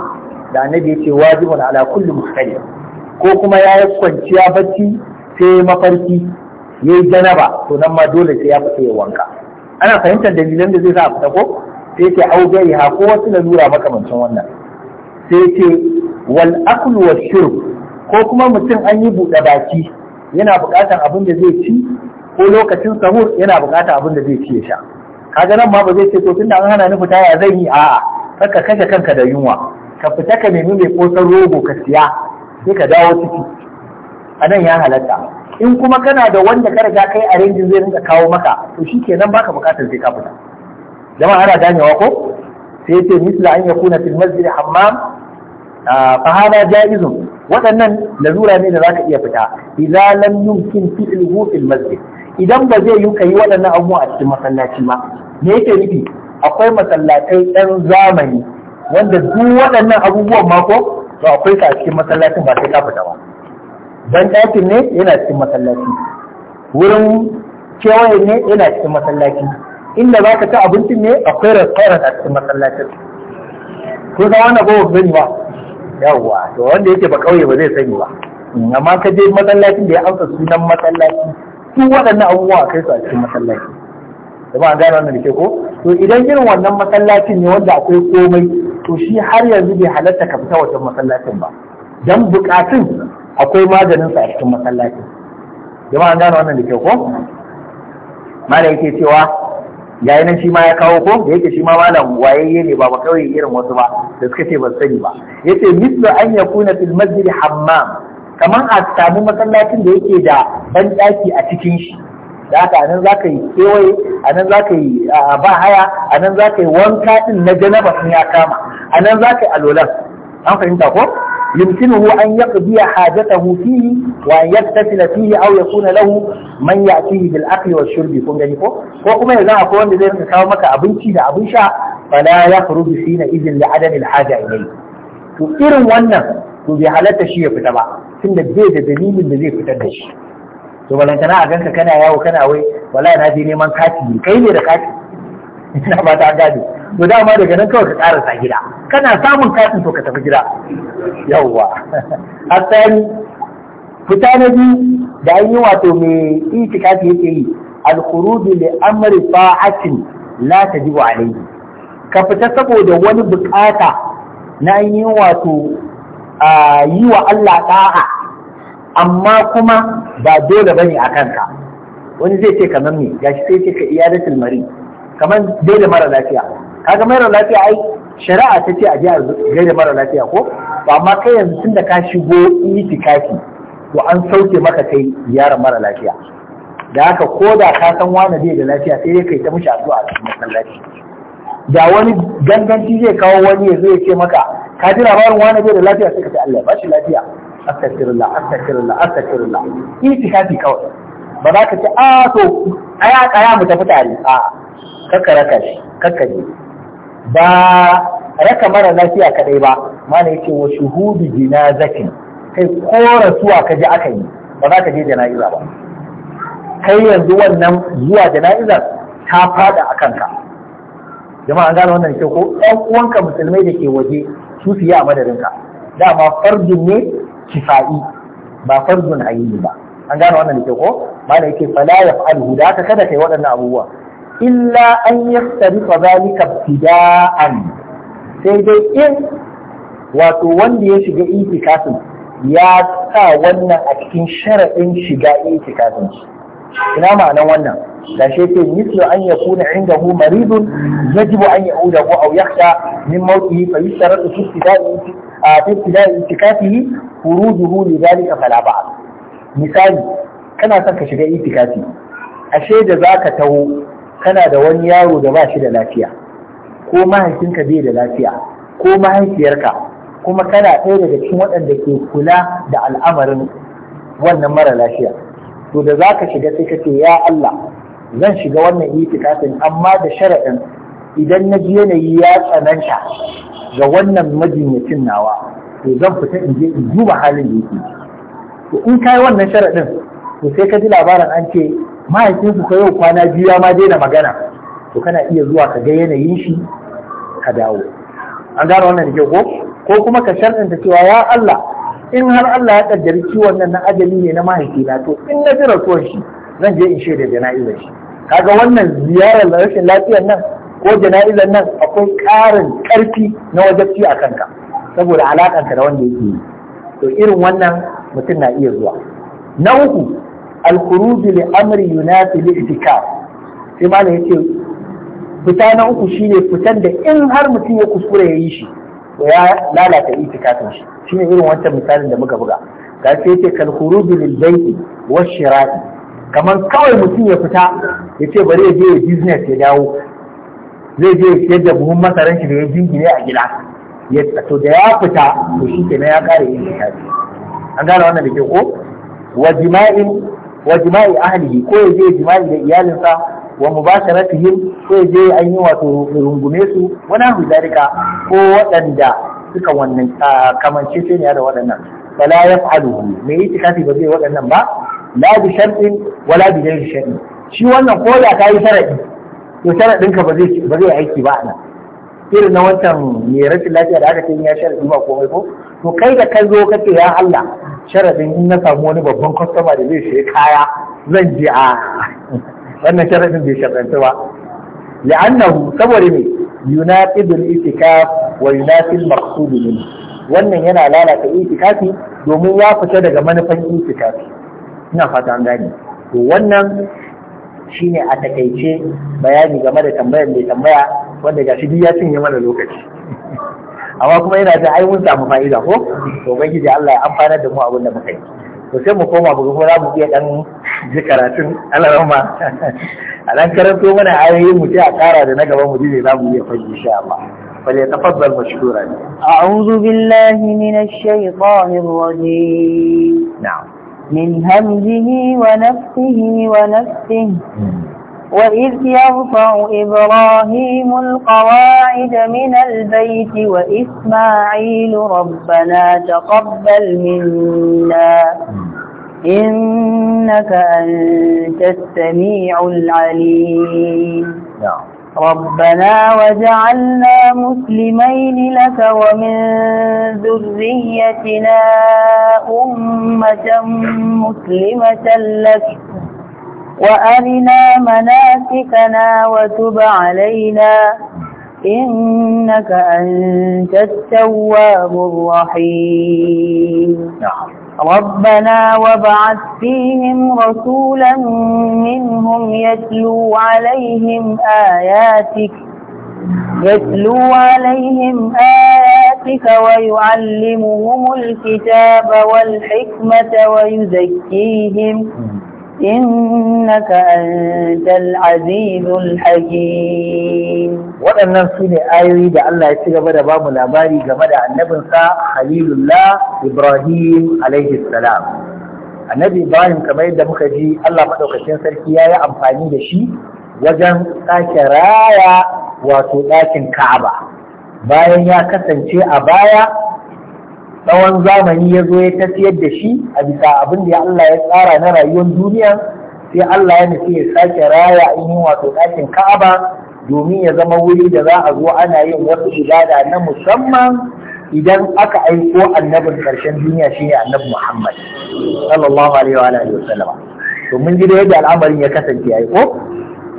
da annabi ya ce wajibun ala kulli muhtalim ko kuma ya yi kwanciya bacci sai mafarki ya yi janaba to nan ma dole sai ya fita ya wanka ana fahimtar dalilan da zai sa a fita ko sai ce au ha ko wasu lalura makamancin wannan sai ce wal aklu wa shurb ko kuma mutum an yi buɗe baki yana buƙatar abin da zai ci ko lokacin sahur yana buƙatar abin da zai ci ya sha kaga nan ma ba zai ce to tunda an hana ni fita ya zan yi a'a ka kashe kanka da yunwa ka fita ka nemi mai kosan rogo ka siya sai ka dawo ciki a nan ya halatta in kuma kana da wanda ka riga kai a rangin zai rinka kawo maka to shi kenan baka bukatar sai ka fita jama'a ana ganewa ko sai yace misla an yakuna fil masjid hammam fa hada jaizun waɗannan lalura ne da zaka iya fita idza lam yumkin fi'luhu fil masjid idan ba zai yi ka yi waɗannan abubuwa a cikin masallaci ba me yake nufi akwai masallatai ɗan zamani wanda duk waɗannan abubuwan mako to akwai ka a cikin masallacin ba sai ka fita ba dan ɗakin ne yana cikin masallaci wurin kewaye ne yana cikin masallaci inda za ka ci abincin ne akwai restaurant a cikin masallacin ko za wani ba sani ba yawwa to wanda yake ba kauye ba zai sani ba amma ka je masallacin da ya amsa sunan masallaci duk waɗannan abubuwa a kai su a cikin masallaci kuma an gano wannan da ke ko to idan irin wannan masallacin ne wanda akwai komai to shi har yanzu bai halatta ka fita wajen masallacin ba dan bukatun akwai maganin sa a cikin masallacin kuma an gano wannan da ke ko mala yake cewa yayi nan shi ma ya kawo ko da yake shi ma malam wayayye ne ba ba kawai irin wasu ba da suka ce ban sani ba yace mislu an yakuna fil masjid hammam kamar a masallacin da yake da banɗaki a cikin shi da haka anan za yi kewaye anan za ka yi ba haya anan za ka yi wanka ɗin na janaba sun ya kama anan za ka yi alolan an fahimta ko yumkinuhu an yaqdi hajatahu fihi wa an yattasil fihi aw yakuna lahu man ya'tihi bil akli wash kun gani ko ko kuma yanzu wanda zai rinka kawo maka abinci da abin sha fala yakhruju fina idin li adami al haja ilayhi to irin wannan to bai halarta shi ya fita ba tunda bai da dalilin da zai fitar da shi to balantana a ganka kana yawo kana wai wala na je neman kati ne kai ne da kati ina ba ta gane to dama daga nan kawai ka karasa gida kana samun katin to ka tafi gida yawwa asali fita na da an yi wato mai itikafi yake yi alkhuruju li amri fa'atin la tajibu alayhi ka fita saboda wani bukata na an yi wato yi wa Allah ɗa'a amma kuma ba dole bane a kanka wani zai ce kamar me gashi sai ce ka iya iyadatul mari kamar dole mara lafiya kaga mara lafiya ai shari'a ta ce a ji a gaida mara lafiya ko ba amma kai yanzu tunda ka shigo itikafi to an sauke maka kai yaron mara lafiya da haka ko da ka san wani zai da lafiya sai dai kai ta mishi addu'a a cikin masallaci da wani ganganci zai kawo wani ya zo ya ce maka ka ji labarin wani bai da lafiya sai ka ce Allah ya bashi lafiya astaghfirullah astaghfirullah astaghfirullah itikafi kawai ba za ka ce a to aya kaya mu tafi tare a kakkaraka shi kakkaje ba raka mara lafiya kadai ba mana yake wa shuhudu jinazatin kai kora suwa ka ji aka yi ba za ka je jana'iza ba kai yanzu wannan zuwa jana'izar ta fada a kanka jama'a an gane wannan ke ko ɗan uwanka musulmai da ke waje sufiya su yi a madadinka dama fardun ne kifa'i ba fardun ayini ba an gane wannan da ke ko mala yake fala yaf'alhu da haka kada kai waɗannan abubuwa illa an yaftariqa zalika fidaan sai dai in wato wanda ya shiga itikafin ya sa wannan a cikin shara'in shiga itikafin shi ina ma'anan wannan da shi yake mislu an yakuna indahu maridun yajibu an ya'udahu aw yakhsha min mawtihi fa yushtaratu fi ibtida'i fi ibtida'i itikafihi furujuhu li dhalika fala ba'a misali kana son ka shiga itikafi ashe da zaka taho kana da wani yaro da ba shi da lafiya ko mahaifinka bai da lafiya ko mahaifiyarka kuma kana ɗaya daga cikin waɗanda ke kula da al'amarin wannan mara lafiya to da za ka shiga sai ka ce ya Allah zan shiga wannan itikafin amma da sharaɗin idan na ji yanayi ya tsananta ga wannan majinyacin nawa to zan fita in je in duba halin da yake to in kai wannan sharaɗin to sai ka ji labarin an ce mahaifinsu ka yau kwana biyu ya ma daina magana to kana iya zuwa ka ga yanayin shi ka dawo an gane wannan da ke ko ko kuma ka sharɗanta cewa ya Allah in har Allah ya kaddari ciwon nan na ajali ne na mahaifina to in na ji rasuwar shi zan je in shaida jana'izar shi kaga wannan ziyarar rashin lafiyar nan ko jana'izar nan akwai ƙarin ƙarfi na wajabci a kanka saboda alaƙanka da wanda yake yi to irin wannan mutum na iya zuwa na uku alkhuruji li amri yunafi li itikaf sai ma yace fita na uku shine fitan da in har mutum ya kuskure ya yi shi da ya lalata itikafin shi shine irin wancan misalin da muka buga ga sai yace kal khuruju lil bai'i wash shira'i kamar kawai mutum ya fita ya ce bari ya je ya business ya dawo zai je ya siyar da buhun masaran shi da ya jingine a gida ya to da ya fita to shi kenan ya kare itikafi an gane wannan da ke ko wa jima'in wa jima'i ahlihi ko ya je jima'i da iyalinsa wa mubasharatihim ko je an yi wato rungume su wani hu zalika ko waɗanda suka wannan kamance ce ne da waɗannan fala yaf'aluhu me yi tikafi ba zai waɗannan ba la bi shartin wala bi ghairi shartin shi wannan ko da kai sharadi to sharadin ka ba zai ba zai aiki ba anan irin na wancan mai rashin lafiya da aka ce ya sharadi ba komai ko to kai da kai zo kace ya Allah sharadin in na samu wani babban kwastama da zai shi kaya zan je a wannan sharadin bai sharɗanta ba li'annahu saboda me yunaqidul itikaf wa yunaqil maqsud min wannan yana lalata itikafi domin ya fita daga manufan itikafi ina fata an gane to wannan shine a takaice bayani game da tambayar mai tambaya wanda gashi duk ya cinye mana lokaci amma kuma yana da ai mun samu fa'ida ko to Allah ya amfanar da mu abin da muka yi to sai mu koma bugu za mu iya dan ji karatun alarama a dan karanto mana ayoyin mu sai a kara da na gaba mu ji za mu iya fage insha Allah فليتفضل مشكورا أعوذ بالله من الشيطان الرجيم نعم من همزه ونفسه ونفسه وإذ يرفع إبراهيم القواعد من البيت وإسماعيل ربنا تقبل منا إنك أنت السميع العليم نعم. ربنا وجعلنا مسلمين لك ومن ذريتنا أمة مسلمة لك وأرنا مناسكنا وتب علينا إنك أنت التواب الرحيم نعم ربنا وابعث فيهم رسولا منهم يتلو عليهم آياتك يتلو عليهم آياتك ويعلمهم الكتاب والحكمة ويزكيهم innaka antal azizul hakim waɗannan su ne ayoyi da Allah ya ci gaba da bamu labari game da annabinsa Halilullah Ibrahim alaihi salam annabi Ibrahim kamar yadda muka ji Allah madaukakin sarki ya yi amfani da shi wajen sake raya wato ɗakin Ka'aba bayan ya kasance a baya tsawon zamani ya zo ya tafiyar da shi a bisa abin da Allah ya tsara na rayuwar duniya sai Allah ya nufi ya sake raya ainihin wato ɗakin Ka'aba domin ya zama wuri da za a zo ana yin wasu ibada na musamman idan aka aiko annabin ƙarshen duniya shine annabi Muhammad sallallahu alaihi wa alihi wasallam to mun ji da yadda al'amarin ya kasance ai ko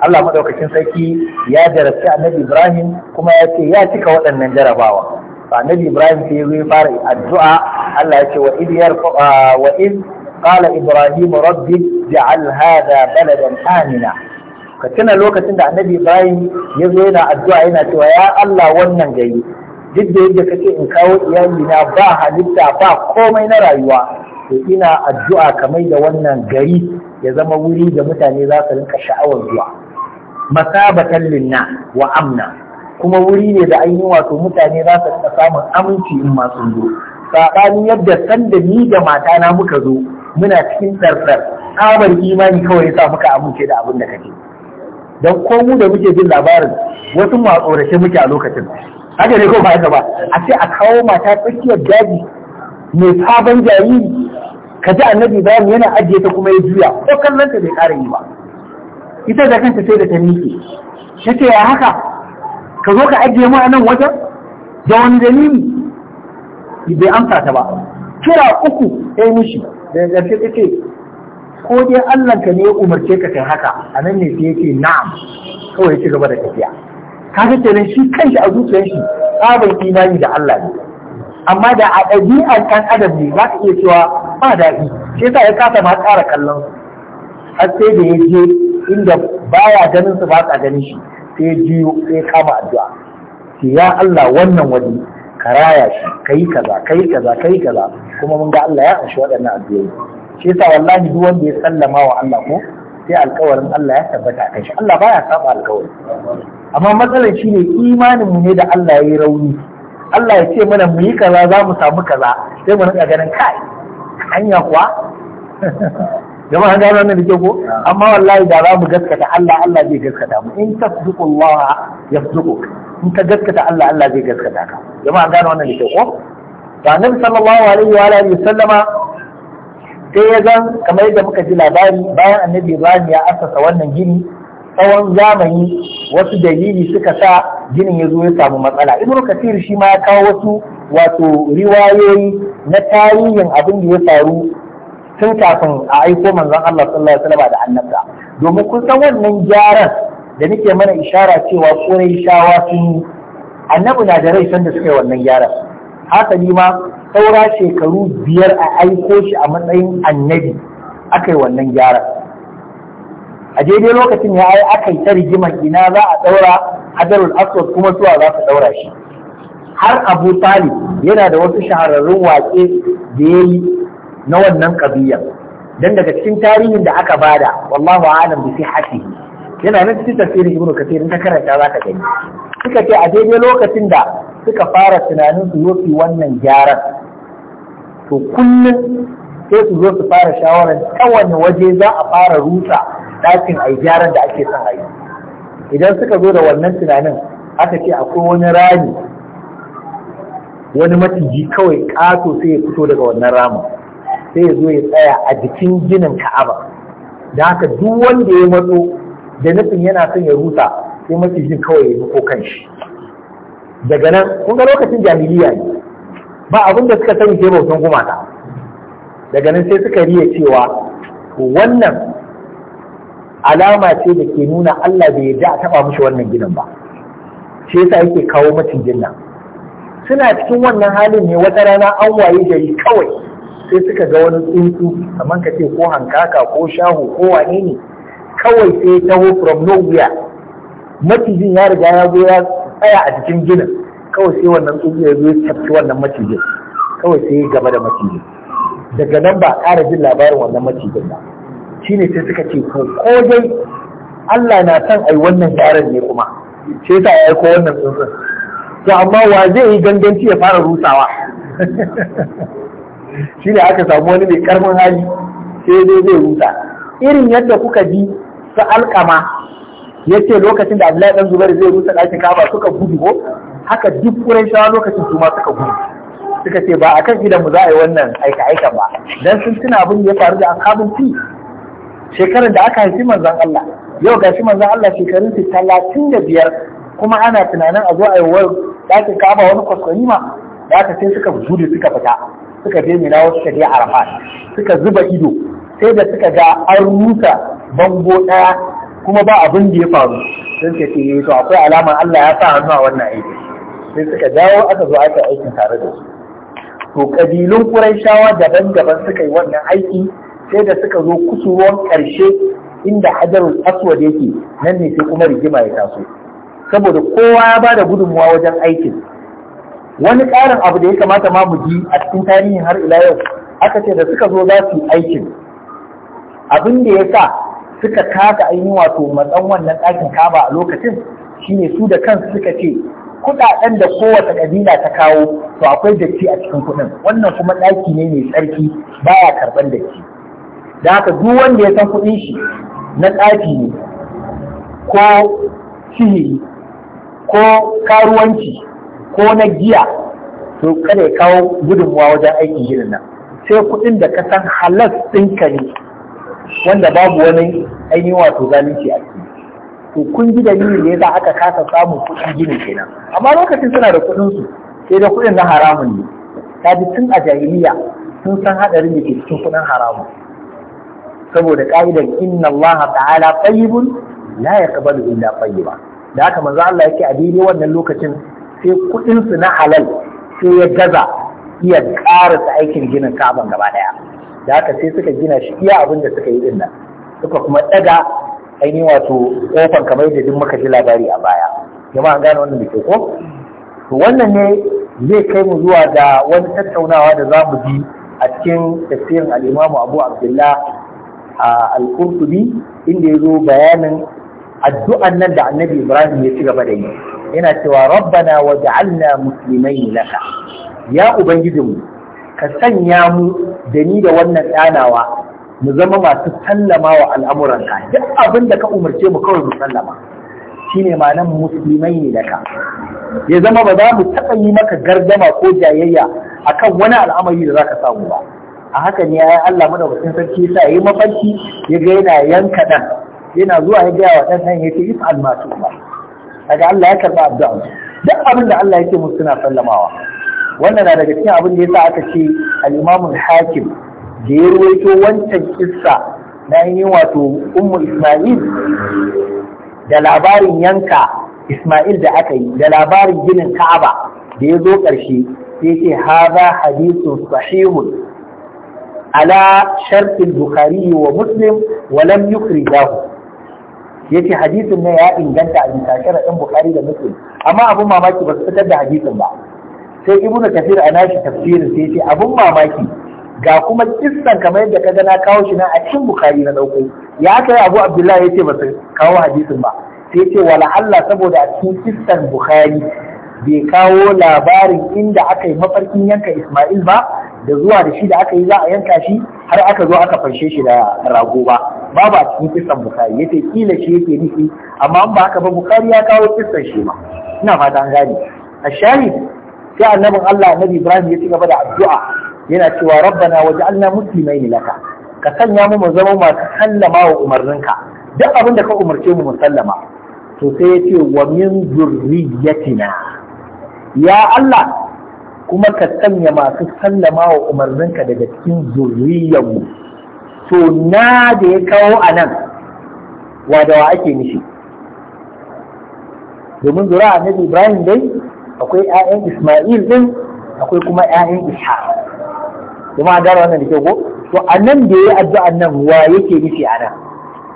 Allah madaukakin sarki ya jarabci annabi Ibrahim kuma ya ce ya cika waɗannan jarabawa annabi ibrahim sai ya fara addu'a Allah ya ce wa id ah, wa id qala ibrahim rabbi ja'al hadha baladan amina ka tuna lokacin da annabi ibrahim ya zo yana addu'a yana cewa ya Allah wannan gari duk da yadda ka ce in kawo iyalina ba halitta ba komai na rayuwa to ina addu'a kamar da wannan gari ya zama wuri da mutane za su rinka sha'awar zuwa masabatan linna wa amna kuma wuri ne da ainihin wato mutane za su samun aminci in masu zo saɓanin yadda sanda ni da mata na muka zo muna cikin tsartsar tsabar imani kawai sa muka amince da abin da kake don ko da muke jin labarin wasu matsorashe muke a lokacin haka ne ko ba haka ba a ce a kawo mata tsakiyar daji mai sabon jariri ka ji annabi bayan yana ajiye ta kuma ya juya ko kallon ta bai ƙara yi ba ita da kanta sai da ta miƙe ta ce ya haka ka zo ka ajiye mu a nan wajen da wani dalili bai amsa ta ba kira uku ɗaya eh, mishi da ƙarshe ta ce ko dai Allah ka ne ya umarce ka kai haka a nan ne sai yake na'am kawai ci gaba da tafiya ga kenan shi kanshi a zuciyar shi tsabar imani da Allah ne amma da a ɗabi'ar kan adam ne za ka iya cewa ba daɗi shi yasa ya kasa ma ƙara kallon har sai da ya je inda baya ganin su ba ka ganin shi sai jiyo sai kama addu'a sai ya Allah wannan wani karaya raya shi kai kaza kai kaza kai kaza kuma mun ga Allah ya amshi waɗannan addu'o'i shi yasa wallahi duk wanda ya sallama wa Allah ko sai alƙawarin Allah ya tabbata kai shi Allah baya saba alƙawari amma matsalar ne imanin mu ne da Allah ya yi rauni Allah ya ce mana mu yi kaza za mu samu kaza sai mu rinka ganin kai hanya kuwa Gama jama'a gano wannan da ke ko amma wallahi da za mu gaskata Allah Allah zai gaskata mu in tasdiqullah yasdiqu in ka gaskata Allah Allah zai gaskata ka Gama jama'a gano wannan da ke ko to annabi sallallahu alaihi wa alihi sallama sai ya gan kamar yadda muka ji labari bayan annabi Ibrahim ya asasa wannan gini tsawon zamani wasu dalili suka sa ginin ya zo ya samu matsala ibnu kasir shi ma ya kawo wasu wato riwayoyi na tarihin abin da ya faru tun kafin a aiko manzon Allah sallallahu alaihi wasallam da annabta domin kun san wannan gyaran da nake mana ishara cewa shawa sun annabi na da rai sanda suka yi wannan gyaran haka ni ma saura shekaru biyar a aiko shi a matsayin annabi aka yi wannan gyaran a daidai lokacin ya ai aka yi ta rigimar ina za a daura hajarul aswad kuma zuwa za su daura shi har abu talib yana da wasu shahararrun waƙe da ya yi na wannan qadiyya dan daga cikin tarihin da aka bada wallahu a'lam bi sihhatihi yana nan cikin tafsirin ibnu kathir in ka karanta zaka gani suka ce a daidai lokacin da suka fara tunanin su yofi wannan gyaran to kullum sai su zo su fara shawarar ta wani waje za a fara rusa ɗakin a gyaran da ake son a yi idan suka zo da wannan tunanin aka ce akwai wani rami wani maciji kawai ƙato sai ya fito daga wannan ramin sai ya zo ya tsaya a jikin ginin ka'aba da haka duk wanda ya matso da nufin yana son ya rusa sai jin kawai ya ko kan shi daga nan kun ga lokacin jahiliya ne ba abin da suka sani sai bautan gumata daga nan sai suka riya cewa wannan alama ce da ke nuna Allah bai yarda a taba mushi wannan ginin ba shi yasa yake kawo macijin nan suna cikin wannan halin ne wata rana an waye gari kawai sai suka ga wani tsuntsu kamar ka ce ko hankaka ko shahu ko wane ne kawai sai taho from nowhere macijin ya riga ya zo ya tsaya a cikin ginin kawai sai wannan tsuntsu ya zo ya tafi wannan macijin kawai sai ya gaba da macijin daga nan ba ƙara jin labarin wannan macijin ba shine sai suka ce ko ko dai Allah na son ai wannan yaron ne kuma sai sa ya aiko wannan tsuntsun to amma wa zai yi ganganci ya fara rusawa shi ne aka samu wani mai karfin hali sai dai zai rusa irin yadda kuka ji su alkama ce lokacin da Abdullahi dan zubar zai rusa ɗakin kaba suka gudu ko haka duk Qurayshawa lokacin su ma suka gudu suka ce ba kan gidan mu za a yi wannan aika aika ba dan sun tuna abin da ya faru da ashabin fi shekarar da aka haifi manzon Allah yau gashi manzon Allah shekarun su talatin da biyar kuma ana tunanin a zo a yi wa ɗakin kaba wani kwaskwarima da aka sai suka gudu suka fita suka je mina wasu suka je arafat suka zuba ido sai da suka ga an rusa bango ɗaya kuma ba abin da ya faru sun ce ce eh, to akwai alama Allah ya sa hannu a wannan aiki sai suka dawo aka zo aka aikin tare da su to kabilun Qurayshawa daban-daban suka yi wannan aiki sai da suka zo kusurwan ƙarshe inda hajarul aswad yake nan ne sai kuma rigima ya taso saboda kowa ya ba da gudunmuwa wajen aikin wani ƙarin abu da ya kamata ma mu ji a cikin tarihin har ila yau aka ce da suka zo za su yi aikin abin da ya sa suka kasa ainihin wato matsan wannan ɗakin kaba a lokacin shine su da kansu suka ce kuɗaɗen da kowace ƙabila ta kawo to akwai datti a cikin kuɗin wannan kuma ɗaki ne mai tsarki baya karɓar datti da haka duk wanda ya san kuɗin shi na ɗaki ne ko sihiri ko karuwanci ko na giya to kada ya kawo gudunmuwa wajen aikin ginin nan sai kuɗin da ka san halas ɗinka ne wanda babu wani ainihin wato zalunci a ciki to kun ji dalilin ne za aka kasa samun kuɗin ginin kenan amma lokacin suna da kuɗin su sai da kuɗin na haramun ne kaji tun a jahiliya sun san hadarin da ke cikin kuɗin haramun saboda ka'idar inna Allah ta'ala tayyibun la yaqbalu illa tayyiba da haka manzo Allah yake a daidai wannan lokacin sai kuɗinsu na halal sai ya gaza iya ta aikin ginin kaban gaba ɗaya da haka sai suka gina shi iya abin da suka yi din nan suka kuma ɗaga aini wato ƙofan kamar yadda duk muka ji labari a baya an gane wannan da ko to wannan ne zai kai mu zuwa ga wani tattaunawa da za mu ji a cikin tafsirin al'imamu abu abdullah a al-qurtubi inda ya zo bayanin addu'an nan da annabi ibrahim ya ci gaba da yi yana cewa rabbana musulmai muslimain laka ya ubangijinmu ka sanya mu da ni da wannan ɗanawa mu zama masu sallama wa al'amuranka duk abin da ka umarce mu kawai mu sallama shine ma'anar musulmai ne laka ya zama ba za mu taɓa yi maka gardama ko jayayya akan wani al'amari da zaka samu ba a haka ne ya Allah madaukakin sarki sa yayi mafarki ya ga yana yanka dan yana zuwa ya gaya wa dan nan yace if al masu daga Allah ya karɓi addu'a duk abin da Allah yake musu suna sallamawa wannan na daga cikin abin da yasa aka ce al hakim da ya ruwaito wancan kissa na yin wato ummu Isma'il da labarin yanka Isma'il da aka yi da labarin ginin Ka'aba da ya zo ƙarshe sai ce haza hadisun sahihun ala sharfin Bukhari wa Muslim wa lam Dahu. yace hadisin ne ya inganta a bisa ɗan bukari da muslim amma abin mamaki ba su fitar da hadisin ba sai ibnu kafir a nashi tafsirin sai ce abin mamaki ga kuma kissan kamar yadda ka gana kawo shi na a cikin bukari na dauko ya kai abu abdullahi yace ba su kawo hadisin ba sai ce wala Allah saboda a cikin kissan bukari bai kawo labarin inda aka yi mafarkin yanka Ismail ba da zuwa da shi da aka yi za a yanka shi har aka zo aka fanshe shi da rago ba babu a cikin kisan bukari yace kila shi yake nufi amma an ba haka ba bukari ya kawo kisan shi ma ina fata an gane a shahid sai annabin Allah annabi Ibrahim ya ci gaba da addu'a yana cewa rabbana waj'alna muslimaini laka ka sanya mu mu zama masu sallama wa umarninka duk abin da ka umarce mu mu sallama to sai ya ce wa min zurriyatina ya Allah kuma ka sanya masu sallama wa umarninka daga cikin mu. to na da ya kawo a nan wa da wa ake nishi domin zura nabi ibrahim dai akwai 'ya'yan isma'il din akwai kuma 'ya'yan isha kuma a gara wannan da ke to a nan da ya yi addu'an nan wa yake nishi a nan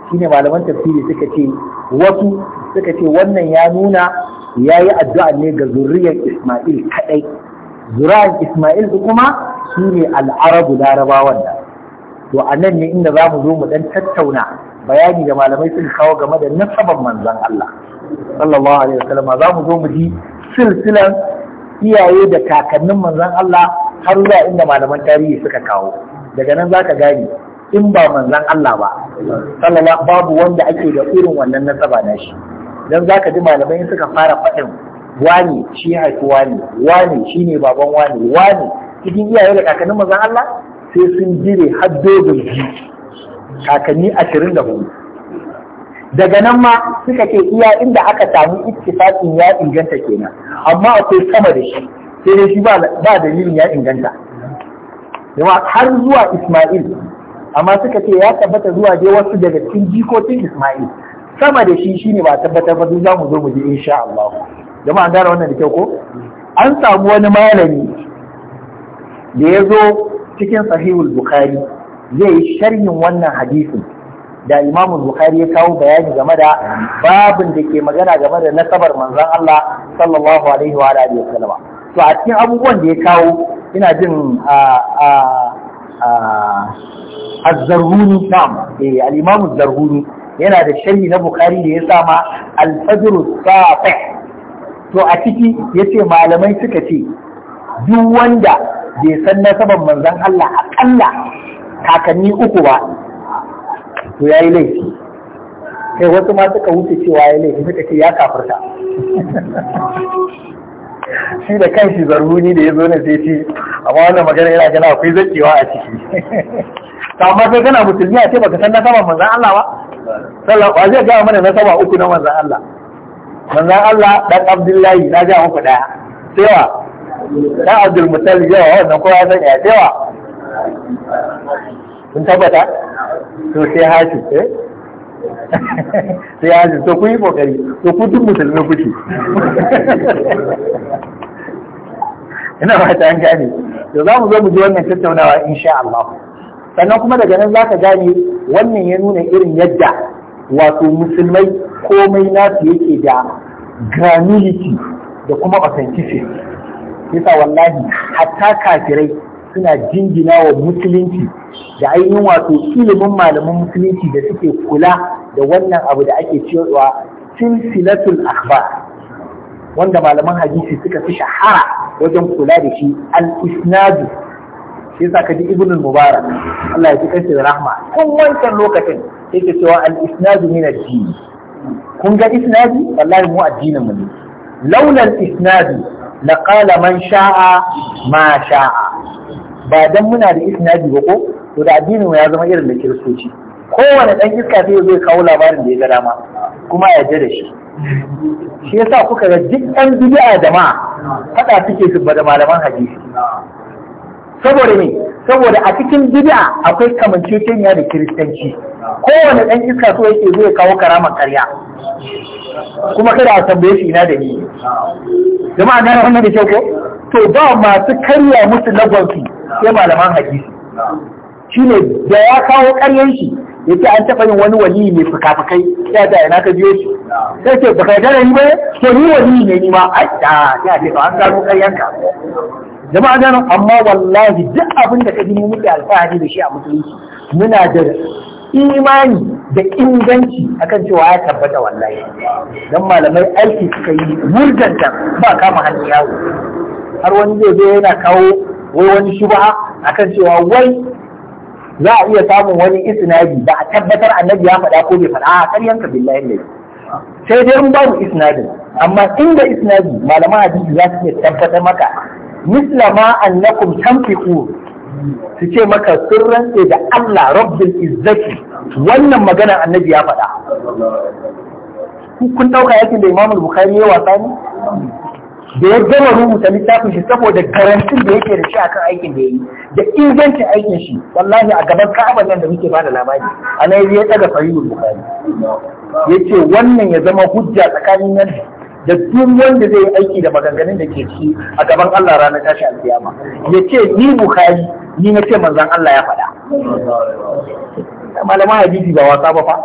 shine malaman tafsiri suka ce wasu suka ce wannan ya nuna ya yi addu'an ne ga zuriyar isma'il kadai zura'in Ismail kuma su ne al'arabu larabawan da to a nan ne inda za mu zo mu dan tattauna bayani da malamai sun kawo game da nasaban manzan Allah sallallahu alaihi wasallam za mu zo mu ji silsilan iyaye da kakannin manzan Allah har zuwa inda malaman tarihi suka kawo daga nan zaka gane in ba manzan Allah ba sallallahu babu wanda ake da irin wannan nasaba na shi dan zaka ji malamai suka fara faɗin wani shi haifi wani wani shi ne baban wani wani cikin iyaye da kakannin mazan Allah sai sun jire haddodin ji kakanni ashirin da hudu daga nan ma suka ce iya inda aka samu ittifaqin ya inganta kenan amma akwai sama da shi sai dai shi ba dalilin ya inganta har zuwa Ismail amma suka ce ya tabbata zuwa dai wasu daga cikin jikokin Ismail sama da shi shine ba tabbatar ba za mu zo mu je insha Allah jama'a an gane wannan da kyau ko an samu wani malami da ya zo cikin sahihul bukhari zai yi sharhin wannan hadisin da imamu bukhari ya kawo bayani game da babin da ke magana game da nasabar manzon Allah sallallahu alaihi wa alihi wasallam to a cikin abubuwan da ya kawo ina jin a a a az-zarhuni tam eh al-imamu az-zarhuni yana da sharhi na bukhari da ya sama al-fajr as to a ciki ya ce malamai suka ce duk wanda bai san saban manzan Allah aƙalla kakanni uku ba to ya yi laifi sai wasu ma suka wuce cewa ya laifi suka ce ya kafarta shi da shi zarhuni da ya zo ne sai ce amma wannan magana yana gana akwai zakewa a ciki to amma sai kana musulmi a ce baka san saban manzan Allah ba sallallahu alaihi wa sallam ga mana saba uku na manzan Allah manzan Allah dan Abdullahi na ja muku daya cewa dan Abdul ya yawa wannan kowa san ya cewa kun tabbata to sai haji eh sai haji to ku yi kokari to ku duk musulmi kuke ina ba ta an gane to za mu zo mu ji wannan tattaunawa insha Allah sannan kuma daga nan za ka gane wannan ya nuna irin yadda wato musulmai komai nasu yake da granulity da kuma authenticity yasa wallahi hatta kafirai suna jingina wa musulunci da ainihin wato ilimin malaman musulunci da suke kula da wannan abu da ake cewa silatul akhbar wanda malaman hadisi suka fi shahara wajen kula da shi al-isnadu sai sa ka ji ibn mubarak Allah ya ji kansa da rahma Kun wancan lokacin yake cewa al-isnadu min ad-din kun ga isnadi wallahi mu addinin mu ne laula al-isnadi la qala man sha'a ma sha'a ba dan muna da isnadi ba ko to da addinin mu ya zama irin da kiristoci kowane dan iska sai zai kawo labarin da ya ga dama kuma ya yarda da shi shi yasa kuka ga duk ɗan bid'a da ma faɗa suke su da malaman hadisi saboda ne saboda a cikin bid'a akwai kamanceceniya da kiristanci kowane ɗan iska so yake zai kawo karamar karya kuma kada a tambaye shi ina da ni jama'a gane wannan da kyau ko to ba masu karya musu lagwanki sai malaman hadisi shine da ya kawo karyan shi yace an taɓa yin wani wali mai fukafukai ya da ina ka biyo shi sai ce baka yarda da ni ba to ni wali ne ni ma ai da ya ce to an gano karyan ka jama'a gano amma wallahi duk abin da ka ji mu muke alfahari da shi a musulunci muna da imani da inganci akan cewa ya tabbata wallahi don malamai aiki suka yi murjanta ba kama hannun yawo har wani zai zo yana kawo wai wani shubha akan cewa wai za a iya samun wani isnadi ba a tabbatar annabi ya faɗa ko bai faɗa a karyanka billahi ne sai dai in babu isnadin amma inda isnadi malaman hadisi za su iya tabbatar maka misla ma annakum tanfiqu su ce maka sun rantse da Allah rabbin izzati wannan magana annabi ya faɗa kun ɗauka yakin da imamul bukhari ya wasa ne da ya gama rubuta littafin shi saboda garantin da yake da shi akan aikin da ya yi da ingancin aikin shi wallahi a gaban ka'aba nan da muke bada labari a nan ya daga sahihul bukhari ce wannan ya zama hujja tsakanin nan da duk wanda zai yi aiki da maganganun da ke ci a gaban Allah ranar tashi alkiyama ya ce ni bukari ni na ce manzan Allah ya faɗa malaman hadisi ba wasa ba fa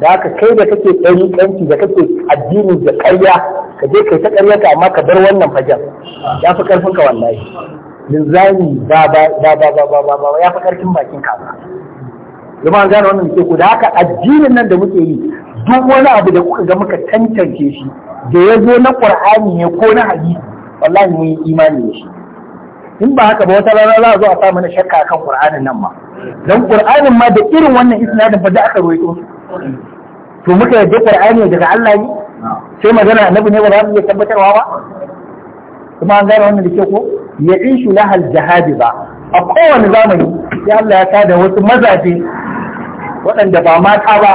da haka kai da kake ɗari ƙanci da kake addini da ƙarya ka je kai ta ƙarya ka amma ka bar wannan fajar ya fi ƙarfin ka wallahi linzami ba ba ba ba ba ba ya fi ƙarfin bakin ka zama gane wannan ke ku da haka addinin nan da muke yi duk wani abu da kuka ga muka tantance shi da ya zo na qur'ani ne ko na hadisi wallahi mun yi imani da shi in ba haka ba wata rana za a zo a sa mana shakka kan qur'anin nan ma dan qur'anin ma da irin wannan isnadin fa da aka roito to muka yadda qur'ani daga Allah ne sai magana annabi ne ba za mu iya tabbatarwa ba kuma an gane wannan da ke ko ya inshu lahal jahadi ba a kowane zamani sai Allah ya tada wasu mazaje waɗanda ba mata ba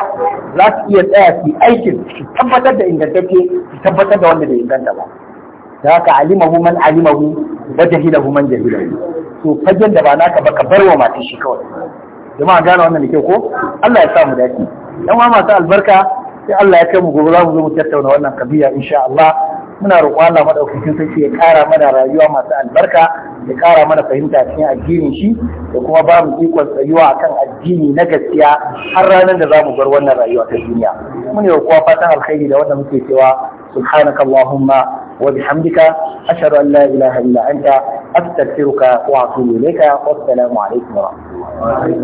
za su iya tsaya su aikin su tabbatar da ingantacce su tabbatar da wanda bai inganta ba da haka alimahu man alimahu wa jahilahu man jahilahu to fagen da ba naka ba ka barwa mata shi kawai jama'a gane wannan da ko Allah ya sa mu dace Yan ma masu albarka sai Allah ya kai mu gobe za mu zo mu tattauna wannan kabiya insha Allah muna roƙo Allah madaukakin sarki ya ƙara mana rayuwa masu albarka ya ƙara mana fahimta cikin addinin shi da kuma ba mu ikon tsayuwa akan addini na gaskiya har ranar da za mu bar wannan rayuwa ta duniya mun yi roƙo fatan alkhairi da wanda muke cewa subhanaka allahumma wa bihamdika ashhadu an la ilaha illa anta astaghfiruka wa atubu ilayka wassalamu alaikum